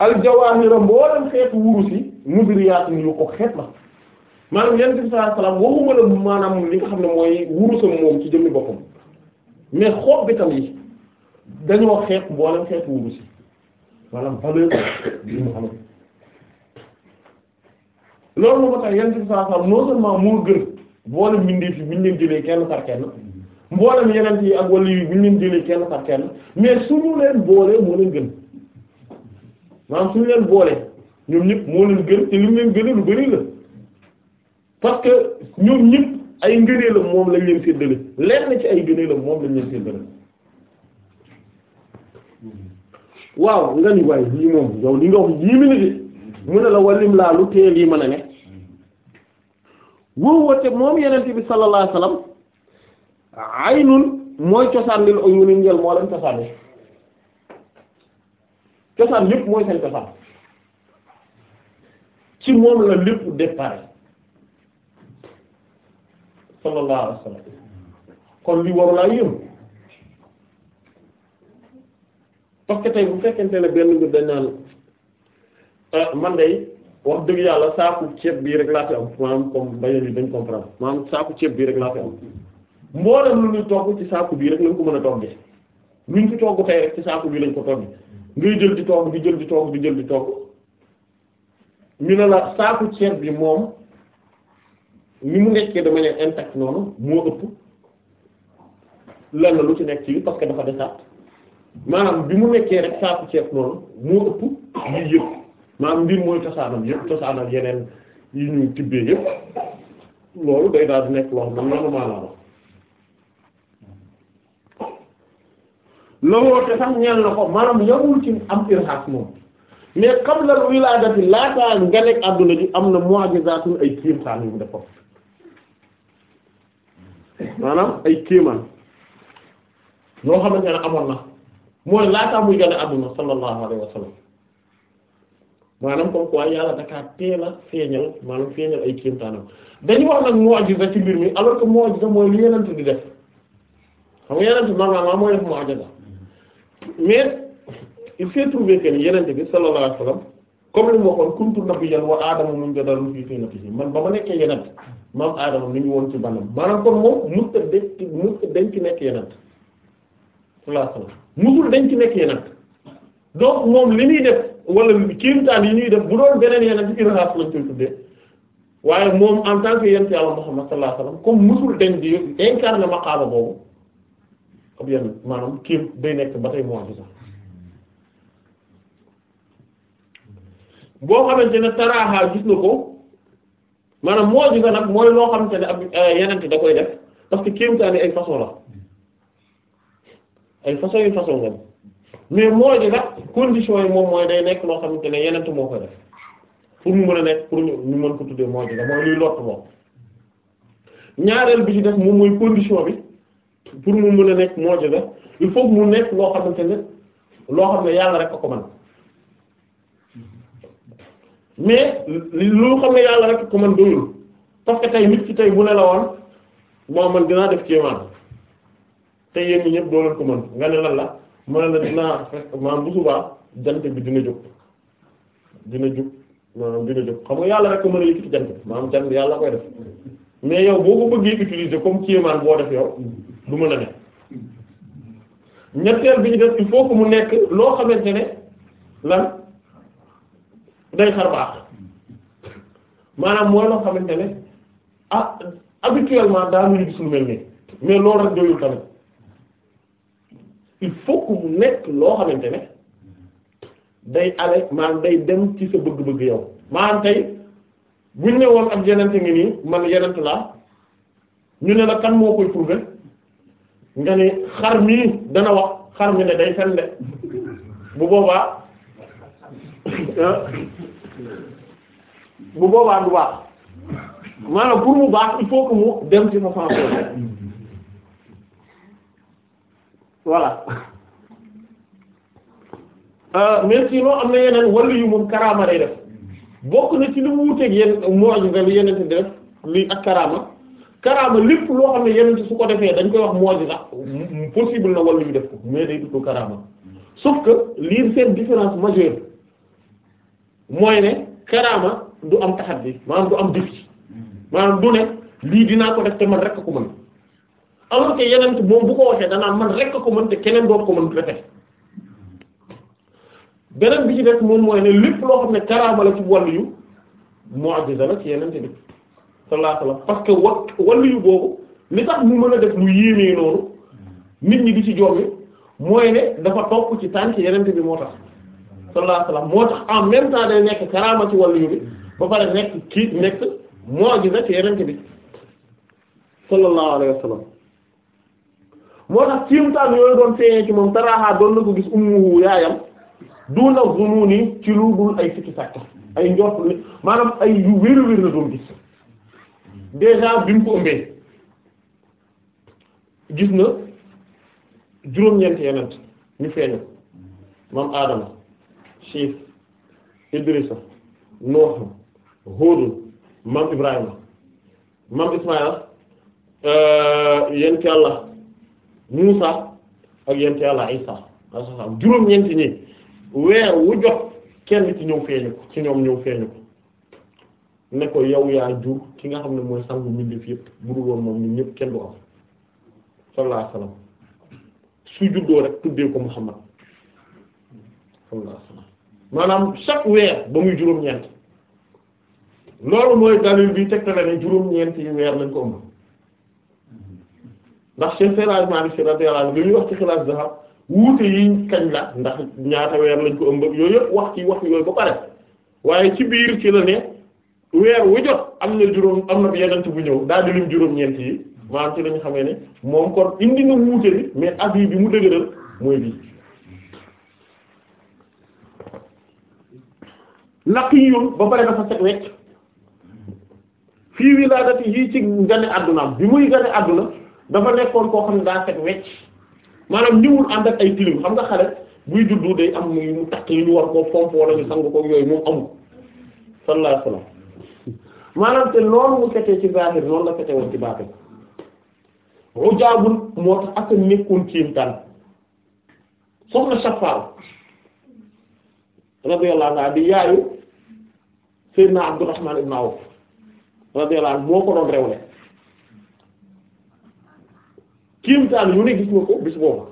al jawaahira mboolem xeetu wurus yi mudriyaatun yu ko xeet la maanaam yonent bi sallallahu alayhi wasallam la maanaam li nga xam ne mooy wurusam moom ci jëmmi boppam mais xob bi tam yi dañoo xeet mboolem xeetu wurus yi bi mu xam loolu moo tax yonent bi sallallahu alayhi wasallam non seulement moo gën mboolem mbindeef yi leen jëlee kenn par kenn mboolem yeneen yi ak wàllu yi bu ñu leen jëlee kenn par kenn mais suñu leen boolee moo leen gën. maanaam suñu leen boole ñoom ñëpp moo leen gën te li mu leen gënee lu bari la parce que ñoom ñëpp ay ngëneelam moom lañ leen séddale na ci ay ngëneelam moom lañ leen séddale waaw nga ni waaye lii moom yow li nga wax yii mi ni di mu ne la walim laa lu teel yi ma a ne wóowate moom yenente bi sallallahu alayhi wasallam aynun mooy cosaan lil uyunin yel moo leen cosaanni cosaan ñëpp mooy seen cosaan ci moom la lépp départ sallallahu alayhi wa sallam kon li waru laa yëm parce que tey bu fekkente ne benn mbir dañ naan ah, man day wax dëgg yàlla saaku ceeb bii rek laa fi am maanaam comme mbayeen yi dañ comprendre maanaam saaku ceeb bii rek laa fi am mboolem lu ñuy togg ci saaku bii rek lañ ko mën a toggee luñ fi togg tey rek ci saaku bii lañ ko toggee ngay jël di togg di jël di togg di jël di togg ñu ne la saaku ceeb bi moom ni mu nekkee de manière intacte noonu moo ëpp lenn lu ci nekk ci parce que dafa desaat maanaam bi mu nekkee rek saaku ceeb noonu moo ëpp lii yëpp maanaam mbir mooy cosaanam yëpp cosaanam yeneen yi ñu tibbee yëpp loolu day daal di nekk loo xam noonu maanaam lawoo te sax ñeel na ko maanaam yamul ci am irhas moom mais qabla al wiladati laataa nga nekk adduna ji am na mu'jizatun ay kéemtaan yu mu defoon maanaam ay kéemaan yoo xamante ne amoon na mooy laataa muy gane adduna sallallahu alayhi wa sallam maanaam comme quoi yàlla dakaa teel a feeñal maanaam feeñal ay kéemtaanam dañu wax nag mu'jiza ci mbir mi alors que mu'jiza mooy lu yenent di def xam nga yenent normalement mooy def mu'jiza mais il s'est trouvé que ni yenente bi sallallahu alayhi wasallam comme li mu waxoon kuntu nabiyyan wa aadama mun mu daal fii tinatihi man ba ma nekkee yenent maam aadama mi ngi woon ci banam maanaam kon moom mës ta denc mës ta denc nekk yenent sallallahu alayhi wasallam musul denc nekk yenent donc moom li muy def wala kéimtaan yi ñuy def bu doon beneen yenent ci raxaas lañ koy tuddee waaye moom en tant que yent yàlla Muhammad sallallahu alayhi wasallam comme musul denc di incarner maqaama boobu ab yenn maanaam kéem day nekk ba tey mu'jiza boo xamante ne taraaxaa gis na ko maanaam mu'jiza nag mooy loo xamante ne ab euh, yeneen da koy def parce que kéemtaane ay façon la ay façon yu façon la mais mu'jiza condition yi moom mooy day nekk loo xamante ne yeneen moo koy def pour mu mën a nekk pour ñu mën ko tuddee mu'jiza mooy luy lott moom ñaareel bi ci def moom mooy condition bi. pour mu mën a nekk mu'jiza il faut mu nekk loo xamante ne loo xam ne yàlla rek a ko mën mais loo xam ne yàlla rek a ko mën doyul parce que tey nit ki tey bu ne la woon moo man dinaa def kéemaan te yéen ñi ñëpp doo leen ko mën nga ne la mu ne la dinaa maanaam bu subaa jant bi dina jóg dina jóg maanaam dina jóg xam nga yàlla rek ko mën a yëkkati jant bi jant yàlla koy def mais yow boo ko bëggee utiliser comme kéemaan boo def yow du mën a ne ñetteel bi ñu def il faut que mu nekk loo xamante ne lan day xar baax maanaam mooy loo xamante ne ah habituellement daa ñuy gis lu mel nii mais loolu rek doyul tamit il faut que mu nekk loo xamante ne day ale maanaam day dem ci sa bëgg-bëgg yow maanaam tey buñ ne woon ak yenente ngi nii man yenent laa ñu ne la kan moo koy prouver nga ne xar mi dana wax xar mi ne day fen de bu boobaa bu boobaa du baax maanaam pour mu baax il faut mu dem ci sa sens voilà euh, mais am na yeneen wàllu yu moom karaama day def bokk na ci lu mu wuteeg yenn moo ak yeneen def lii ak karaama karaama lépp loo xam ne yeneen su ko defee dañ koy wax mu'jiza possible na wala ñu def ko mais day ko karaama sauf que lii seen différence majeure mooy ne karaama du am taxaddi maanaam du am défi maanaam du ne lii dinaa ko def te man rekk ko mën alors que yeneen moom bu ko waxee danaa man rekk ko mën te keneen doot ko mën defee beneen bi ci def moom mooy ne lépp loo xam ne karaama la ci wàllu yu mu'jiza la ci yeneen bi. sallallahu alayhi parce que wa waliyu boobu li tax mu mën a def lu yéemee noonu nit ñi di ci jommi mooy ne dafa topp ci tànk yeneen bi moo tax sallallahu alayhi moo tax en même temps day nekk karaama ci waliyu bi ba pare nekk kii nekk moo tax kiimtaan yooyu doon feeñee ci moom doon na ko gis ummuhu yaayam duuna zununi ci lu dul ay sikki sàkk ay njort maanaam ay yu wér-wér la doon gis déjà bi mu ko gis na juróom-ñeenti yenent ñu feeñu maam Adama Siif Idrissa Nooh Huud maam Ibrahima maam Ismaïla euh, yent yàlla Muusa ak yent yàlla Isa juróom-ñeenti ñi weer wu jot kenn ci ñëw feeñu ko ci ñoom ñëw feeñu ko ne ko yow yaa jur ki nga xam ne mooy sangu mbindeef yëpp bu dul moom ñun ñëpp kenn du am sallallahu alayhi wasallam su juddoo rek tuddee ko Muhammad sallallahu alayhi maanaam chaque weer ba muy juróom-ñeent loolu mooy dalil bi tegtale ne juróom-ñeent yi weer lañ ko ëmb ndax seen ferage maa ngi si rajo li ñuy wax ci xilaas zahab wuute yi kañ la ndax ñaata weer lañ ko ëmb yooyu yëpp wax ci wax yooyu ba pare waaye ci biir ci la ne. weer wu jot am na juróom am na yeneen bu ñëw daal di lim juróom-ñeent yi maanaam ci lañu xamee ne moom kon indi nga wuute bi mais avis bi mu dëgëral mooy bii naqiyun ba pare dafa set wecc fii wilaadati yii ci gane àddunaam bi muy gane àdduna dafa nekkoon koo xam ne daa set wecc maanaam ñëwul ànd ak ay tilim xam nga xale buy juddu day am muy mu takk yu ñu war koo fomp wala ñu sang ko yooyu moom amul sallallahu maanaam te noonu mu fetee ci zahir noonu la fete woon ci baatin ujaabul moo tax ak nekkoon kéemtaan soxna Saffar radiyallahu anha di yaayu Seydina Abdurrahman ibn Awf radiyallahu anhu moo ko doon rewle kéemtaan yu ne gis nga ko bis boobu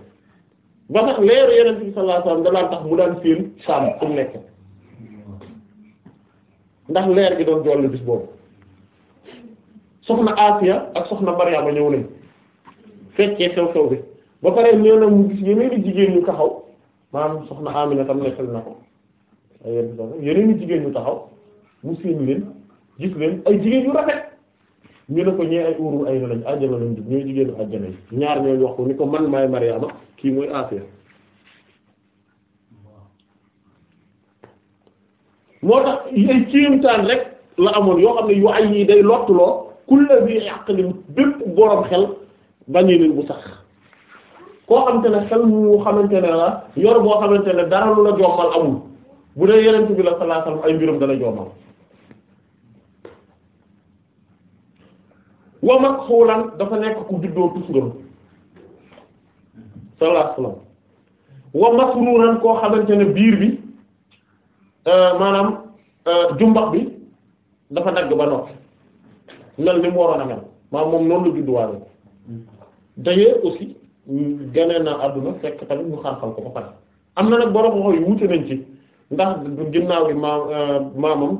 ba tax leeru Yonent bi sallallahu alayhi wasallam da daan tax mu daan seen samm fu mu ndax leer gi doon jolli bis boobu soxna Asiya ak soxna Maryama ñëw nañ fekkee xew-xew bi ba pare nee na mu gis yeneen jigéen ñu taxaw maanaam soxna Amina tam nekkal na ko yeneen jigéen ñu taxaw mu séen leen gis leen ay jigéen yu rafet ñu ne ko ñee ay urul ay na lañ àjjana lañ jub ñooy jigéenu àjjana yi ñaar ñooñu wax ko ni ko man maay Maryama kii mooy Asiya moo tax ay kéemtaan rek la amoon yoo xam ne yu ay yi day lottuloo kulla bi aqlin bépp borom xel bañu leen bu sax koo xamante ne xel mu xamante ne la yor boo xamante ne dara lu la jommal amul bu dee yenent bi la sallallahu alayhi wasallam ay mbiram dana jommal wa mag dafa nekk ku juddoo tusngal koo xamante ne biir bi Euh, maanaam euh, jumbax bi dafa dagg ba noppi mel ni mu waroon a mel maanaam moom noonu la judduwaale dayee aussi ganee na àdduna fekk tamit ñu xarfal ko ba pare am na nag borom xooy wuute nañ ci ndax ginnaaw gi maam euh, maamam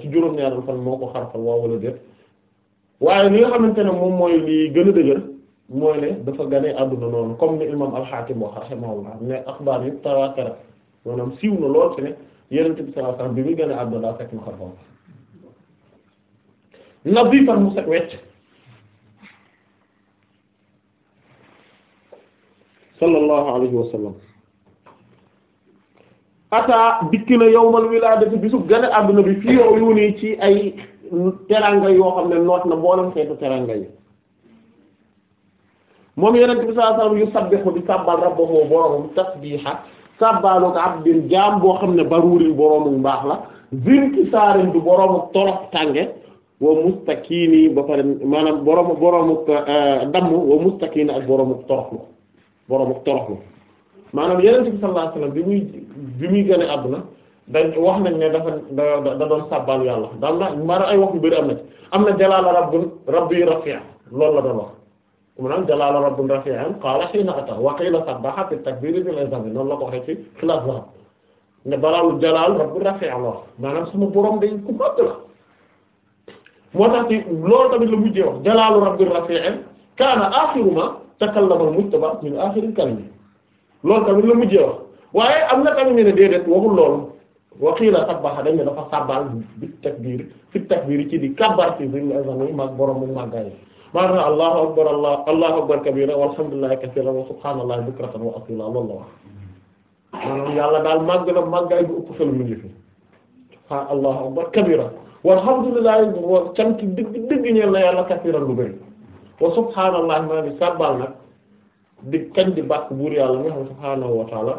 ci juróom-ñaaral fan moo ko xarfal waaw wala déet waaye li nga xamante ne moom mooy li gën a dëgër mooy ne dafa ganee àdduna noonu comme ni imam al-Hakim wax rahimahullah ne axbaar yi tawatara maanaam siiw na lool ci ne yonent bi sallallahu alayhi wasallam bi muy gën a àdduna fekk mu mu set wecc sallallahu alayhi wa sallam ata dikki na yawmal wilaadati bisu gën a àdduna bi fii yooyu nii ci ay teranga yoo xam ne noot na mboolem xeetu teranga yi moom yonent bi sallallahu alayhi wasallam yu sabbihu di sàbbal rabbahu boroomam tasbiiha sàbbaaluk abdin jaam boo xam ne baruurin boroomu mbaax la zinki saarin du boroomu torox tànge wa mustakiini ba pare maanaam boroomu boroomu euh, damm wa mustakiini ak boroomu toroxlu boroomu toroxlu maanaam yonent bi sallallahu bi muy bi muy gën a àdduna wax nañ ne da da doon sàbbaal yàlla daal la maanaam ay wax yu bari am na ci am na jalaala rabbu rabbi loolu la doon mu naan jalaala rabbin rafi'an qaala hiina ataa wa qiila sabbaha bi takbiiri bil izami noonu la ko waxee ci xilaas la ne balaalu jalaal rabbin rafi'an la maanaam sama borom day ku mag la moo tax ci loolu tamit la mujjee wax jalaalu rabbin rafi'an kaana aaxiru maa takallama al-mujtabaa min aaxiril kalimi loolu tamit la mujjee wax waaye am na tamit ñu ne déedéet waxul loolu wa qiila sabbaha dañ ne dafa sabbal bi takbiir fi takbiir ci di kabbar ci bil izami mag borom mu màggaay maanaam allahu akbar allah allahu akbar kabira walhamdulillahi kaseera wa subhaanallahi bukratan wa asila loolu la wax maanaam yàlla daal màgg na màggaay bu ëpp solo mu ngi fi subhaan allahu akbar kabira walhamdulillahi wa cant dëgg dëgg ñeen la yàlla kaseera lu bari wa subhaanallahi maa ngi sàbbal nag di kañ di bàkk buur yàlla nga xam subhaanahu wa taala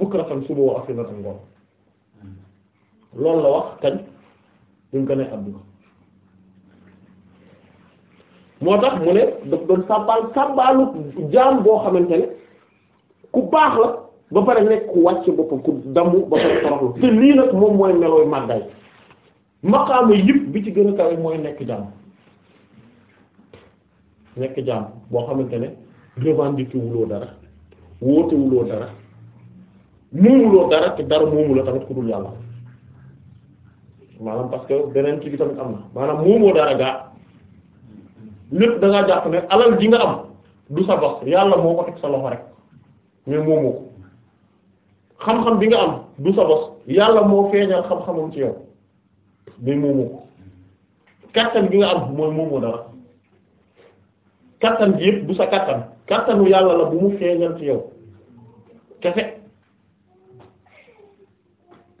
bukratan suba wa asila ak ngoon loolu la wax kañ duñ ko ne àdduna moo tax mu ne daf doon sàbbaal sàbbaalu jaam boo xamante ne ku baax la ba pare nekk ku wàcce boppam ku damu ba pare toroxlu te lii nag moom mooy melooy màggaay maqaama yëpp bi ci gën a kawe mooy nekk jaam nekk jaam boo xamante ne revendiqué wuloo dara woote wuloo dara muumuloo dara te dara moomu la tamit ku dul yàlla maanaam parce que beneen kii bi tamit am na maanaam moomoo dara gaa lépp da jàpp ne alal ji nga am du sa bos yàlla moo ko teg sa loxo rek mais moomoo ko xam-xam bi nga am du sa bos yàlla moo feeñal xam-xamam ci yow mais moomoo ko kattan gi nga am mooy moomoo dara kattan gi yëpp du sa kattan kattanu yàlla la bu mu feeñal ci yow kese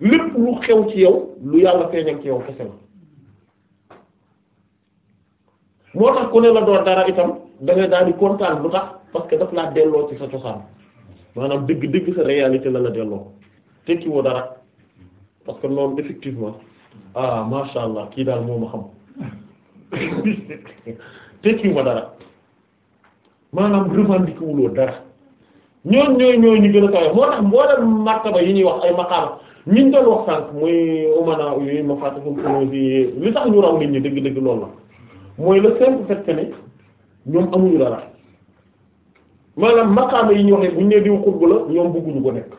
lépp lu xew ci yow lu yàlla feeñal ci yow kese la moo tax ku ne la doon dara itam da daal di kontaan lu tax parce que daf laa delloo ci sa cosaan maanaam dëgg-dëgg sa réalité la la delloo tekki woo dara parce que noonu effectivement ah masha Allah kii daal moo ma xam tekki dara maanaam revendiqué wuloo dara ñoon ñooy ñooy ñu gën a kawe moo tax mboolem martaba yi ñuy wax ay maqaama ñiñ doon wax sànq muy umana yu ma fàttali ko li tax ñu raw nit ñi dëgg-dëgg loolu la mooy le simple fait que ne ñoom amuñu dara maanaam maqaama yi ñu waxee bu ñu nee diw xutbu la ñoom bëgguñu ko nekk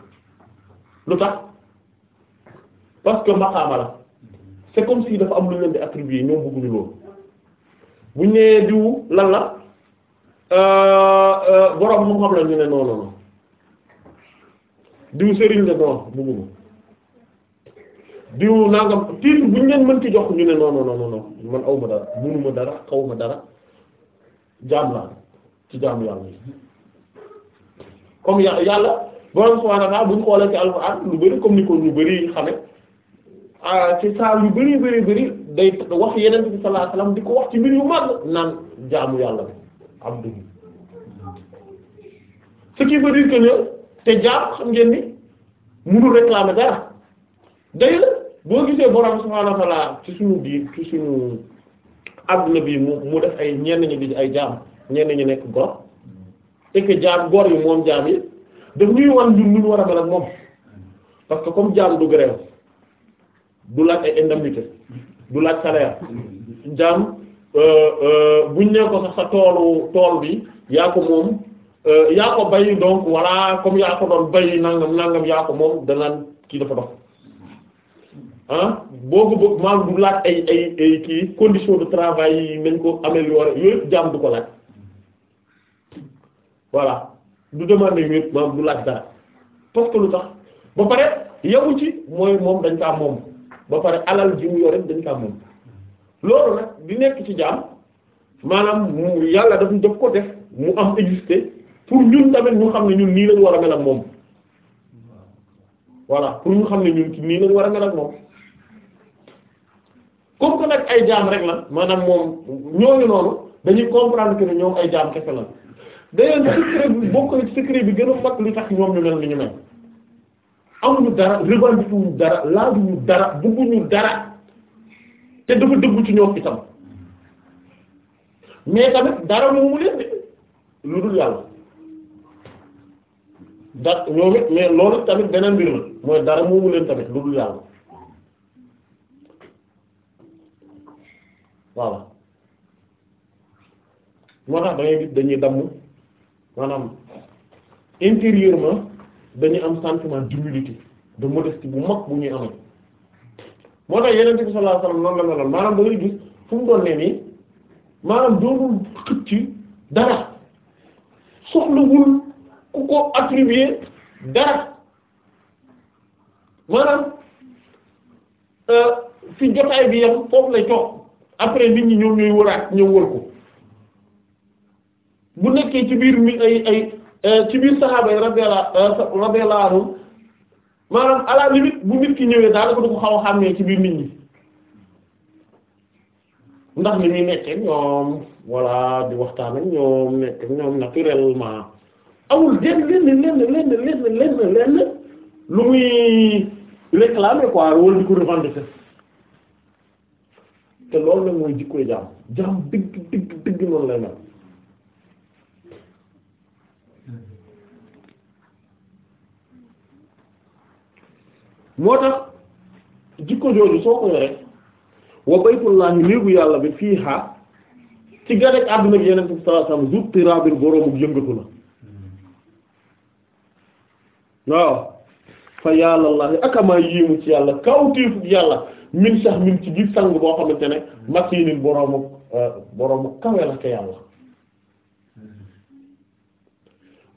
lu tax parce que maqaama la c'est comme dafa am lu ñu leen di attribuer ñoom bëgguñu loolu bu ñu nee diw lan la euh, euh, boroom mu xam la ñu ne non non diw sëriñ la non bëgguñu diw nangam titre bu ñu leen mën ci jox ñu ne non non man aw ma dara mënuma dara xaw ma dara jaam laa ci jaam yàlla yi comme yàlla yàlla borom subhaanahu buñ xoolee ci alxuraan lu bari comme ni ko ñu bari xame ah, ci saa yu bari bari bari day wax yeneen bi sallallahu alayhi wasallam di ko wax ci mbir yu mag naan jaamu yàlla bi abdu ce qui veut dire que ne te jaam xam ngeen ni mënul réclamer dara day la boo gisee borom subhaanahu wa ta'aala ci suñu biir ci suñu adduna bi mu mu def ay ñenn ñi di ay jaam ñenn ñi nekk gor et que jaam gor yi moom jaam yi daf ñuy wan ñun ñu war a mel ak moom parce que comme jaam du grève du laaj ay indemnité du laaj salaire jaam euh, euh, buñ ne sax sa toolu tool bi yaa ko moom euh, yaa ko bay donc voilà comme yaa ko doon bay nangam nangam yaa ko moom danaan kii dafa dox ah boo ko bëgg maanaam laaj ay ay ay kii condition de travail yi nañ ko améliorer yooyu yëpp jaam du ko laaj voilà du demander yooyu yëpp maanaam du laaj dara parce que lu tax ba pare yow ci mooy moom dañ kaa moom ba pare alal ji mu yore dañ kaa moom loolu nag di nekk ci jaam maanaam mu yàlla daf daf ko def mu am exister pour ñun tamit ñu xam ne ñun nii lañ war a mel moom waaw pour ñu xam ne ñun ci nii lañ war a mel ak moom. comme que nag ay jaam rek la maanaam moom ñooñu noonu dañuy comprendre que ne ñoom ay jaam kese la dañu secret bi bokk secret bi gën a mag li tax ñoom ñu mel ni ñu mel amuñu dara revendiqué ñu dara laajuñu dara bëgguñu dara te dafa dëggu ci ñoom itam mais tamit dara moomu leen de lu dul yàlla da ñoom it mais loolu tamit beneen mbir la mooy dara moomu leen tamit lu dul yàlla voilà moo tax da gis dañuy damm maanaam intérieurement dañuy am sentiment d'humilité de modestie bu mag bu ñuy amee moo tax yeneen bi sallallahu alayhi wasallam noonu la meloon maanaam da gis fu doon ne nii maanaam doonul xëcc dara soxlawul ku ko attribuer dara maanaam euh, fi jotaay bi yam foofu lay toog après nit ñi ñoom ñooy wëraat ñëw wër ko bu nekkee ci biir mi ay ay euh, ci biir saxaaba yi radiyallahu euh, radiyallahu maanaam à la limite bu nit ki ñëwee daanaka du ko xaw a xàmmee ci biir nit ñi ndax ni muy nekkee ñoom voilà di waxtaan ak ñoom nekk ñoom naturellement amul lenn lenn lenn lenn lenn lenn lenn lu muy réclamer quoi wala di ko revendiquer te loolu nag mooy jikkoy jaam jaam dëgg dëgg dëgg noonu lay moo tax jikko jooju soo ko rek wa baytullahi néegu yàlla bi fii xaar ci gànnaog àdduna bi yeneen sallallahu alayhi wasallam zutti rabir boroomuk yëngatu na waaw fa yàlla la akamaa yéemu ci yàlla kawtéefuk yàlla min sax min ci biir sang boo xamante ne makinin boroomu euh, boroomu kawe la te yàlla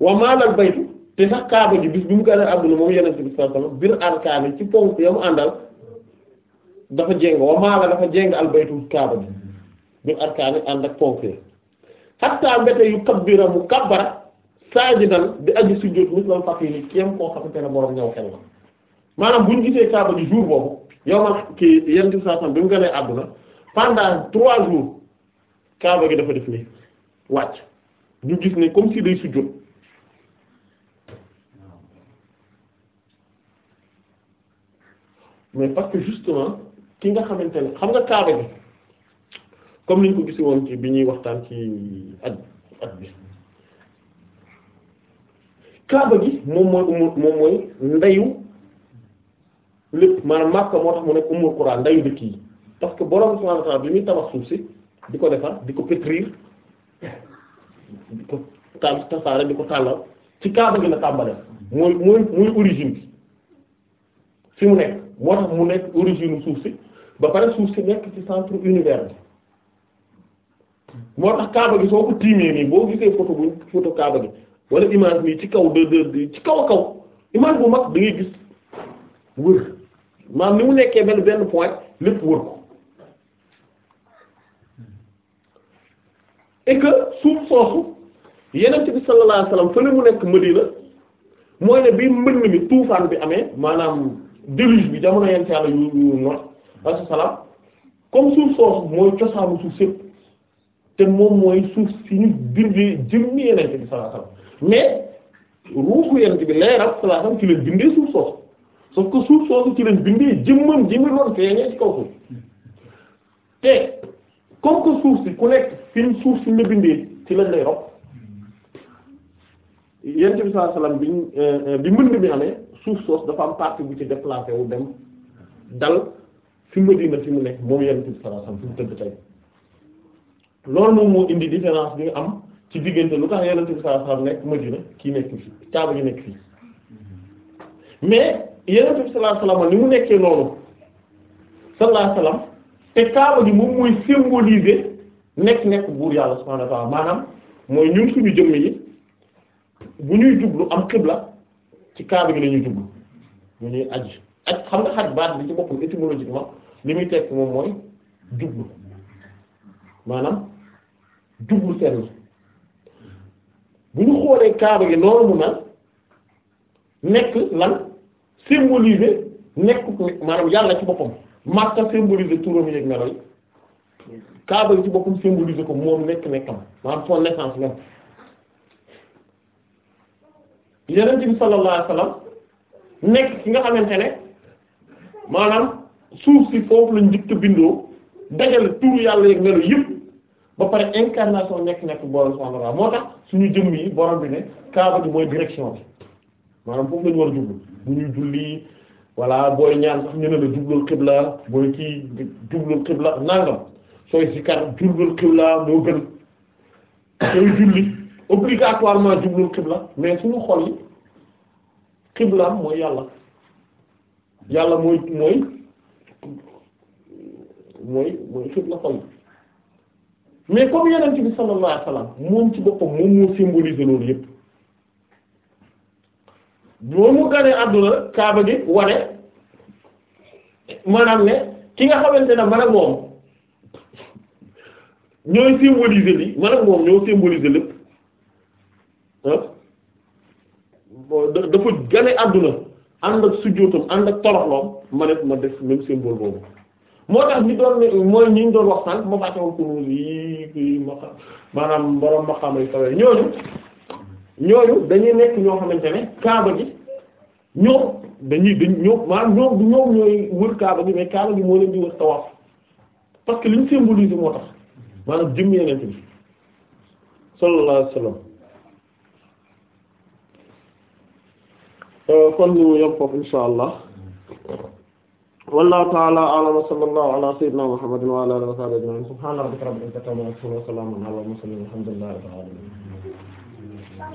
wa maalal baytu te sax kaaba ji bis bi mu gën a àdduna moom yeneen si bi sallallahu alayhi bir arkaani ci ponk ya mu àndal dafa jéng wa dafa jéng al baytu kaaba ji bir arkaani ànd ak ponk ya hatta mbete yu kabbira mu kabbara saajidan di aji sujjóot mislal fakini kéem koo xamante ne boroom ñaw xel la maanaam bu ñu gisee kaaba ji jour boobu yow ma kii yenn ci saa bi mu gënee àdduna pendant trois jours kaaba gi dafa def nii wàcc ñu gis ne comme si day sujjóot mais parce que justement ki nga xamante ne xam nga kaaba gi comme niñ ko gisi woon ci bi ñuy waxtaan ci at at bi kaaba gi moom mooy moom mooy ndeyu lépp maanaam Makka moo tax mu nekk umul Quraan ndayu dëkk yi parce que borom subhaanahu wa ta'aala bi muy tabax suuf si di ko defar di ko pétrir di ko taal tasaare di ko tàllal ci Kaaba gi la tàmbale mooy mooy muy origine bi fi mu nekk moo tax mu nekk origine suuf si ba pare suuf si nekk ci centre univers bi moo tax Kaaba gi soo ko tiimee nii boo gisee photo bu photo Kaaba gi wala image nii ci kaw de de ci kaw a kaw image bu mag da gis maam ni mu nekkee benn benn point lépp wër ko et suuf soosu yenent bi sallallahu alayhi wasallam fële mu nekk Madina mooy ne bi mbënn mi tuufaan bi amee maanaam déluge bi jamono yenn ci yàlla yu yu not alayhi salaam comme suuf soosu mooy cosaanu suuf sépp te moom mooy suuf si ñu bindee jëmmi yenent bi sallallahu alayhi wasallam mais ruuxu yenent bi leeral sallallahu alayhi wasallam ci leen bindee suuf soosu sauf que suuf soosu ci lañ bindee jëmmam ji mu doon feeñee ci kaw suuf te comme que suuf si ku nekk fi suuf si nga bindee ci lañ lay rob yent bi sallallahu alayhi wasallam bi euh, euh, bi mënd mi amee dafa am partie bu ci déplacé wu dem dal fi Madina fi mu nekk moom yent bi sallallahu alayhi wasallam fi mu tëdd indi différence bi nga am ci diggante lu tax yent bi sallallahu alayhi nekk Madina kii nekk fii Kaaba gi nekk fii mais yeneen bi sallallahu ni mu nekkee noonu sallallahu te kaaba gi moom mooy symboliser nekk nekk buur yàlla subhanahu wa maanaam mooy ñun suñu jëmm yi bu ñuy jublu am la ci kaaba gi la ñuy jublu bu ñuy aj aj xam nga xaj baat bi ci boppam étymologiquement li muy tekk moom mooy jublu maanaam jublu seen bu ñu xoolee kaaba gi noonu mu mel nekk lan symboliser nekkut ne maanaam yàlla ci boppam Makka symboliser turam yi ak melo yi Kaaba yi ci boppam symboliser ko moom nekk nekkam maanaam son naissance même yeneen bi sallallahu alayhi nekk ki nga xamante ne maanaam suuf si foofu la njëkk bindoo dajal turu yàlla yeeg melo yëpp ba pare incarnation nekk nekk borom subhanahu wa ta'ala moo tax suñu jëmm yi borom bi ne Kaaba bi mooy direction bi. maanaam foofu lañu war a jublu bu ñuy julli voilà booy ñaan sax ñu ne la jublul xibla booy kii jublul xibla nangam sooy sikar jublul xibla moo gën sooy julli obligatoirement jublul xibla mais suñu xol yi xibla mooy yàlla yàlla mooy mooy mooy mooy xibla xol yi mais comme yeneen ci bi sallallahu moom ci boppam moom moo symboliser loolu yépp moom mu gane àdduna kaaba gi wane maanaam ne ki nga xamante ne man ak moom ñooy symboliser li man ak moom ñoo symboliser lépp ah, dafa gane àdduna ànd ak sujjóotam ànd ak toroxloom ma ne ma def même symbole boobu moo tax ni doon ne mooy ñi ñu doon wax sànq ma fàccewul kunuus yi maanaam ma xam ne ñooñu ñooñu dañuy nekk ñoo xamante ne kaaba gi ñoom dañuy dañ ñoom maanaam ñoom ñoom ñooy wër kaaba gi mais kaaba gi moo leen di wër parce que li ñu symbolise moo tax maanaam jëm yeneen bi sallallahu alayhi wasallam euh, kon ñu yem foofu insha allah wallahu ta'ala a'lam wa alamin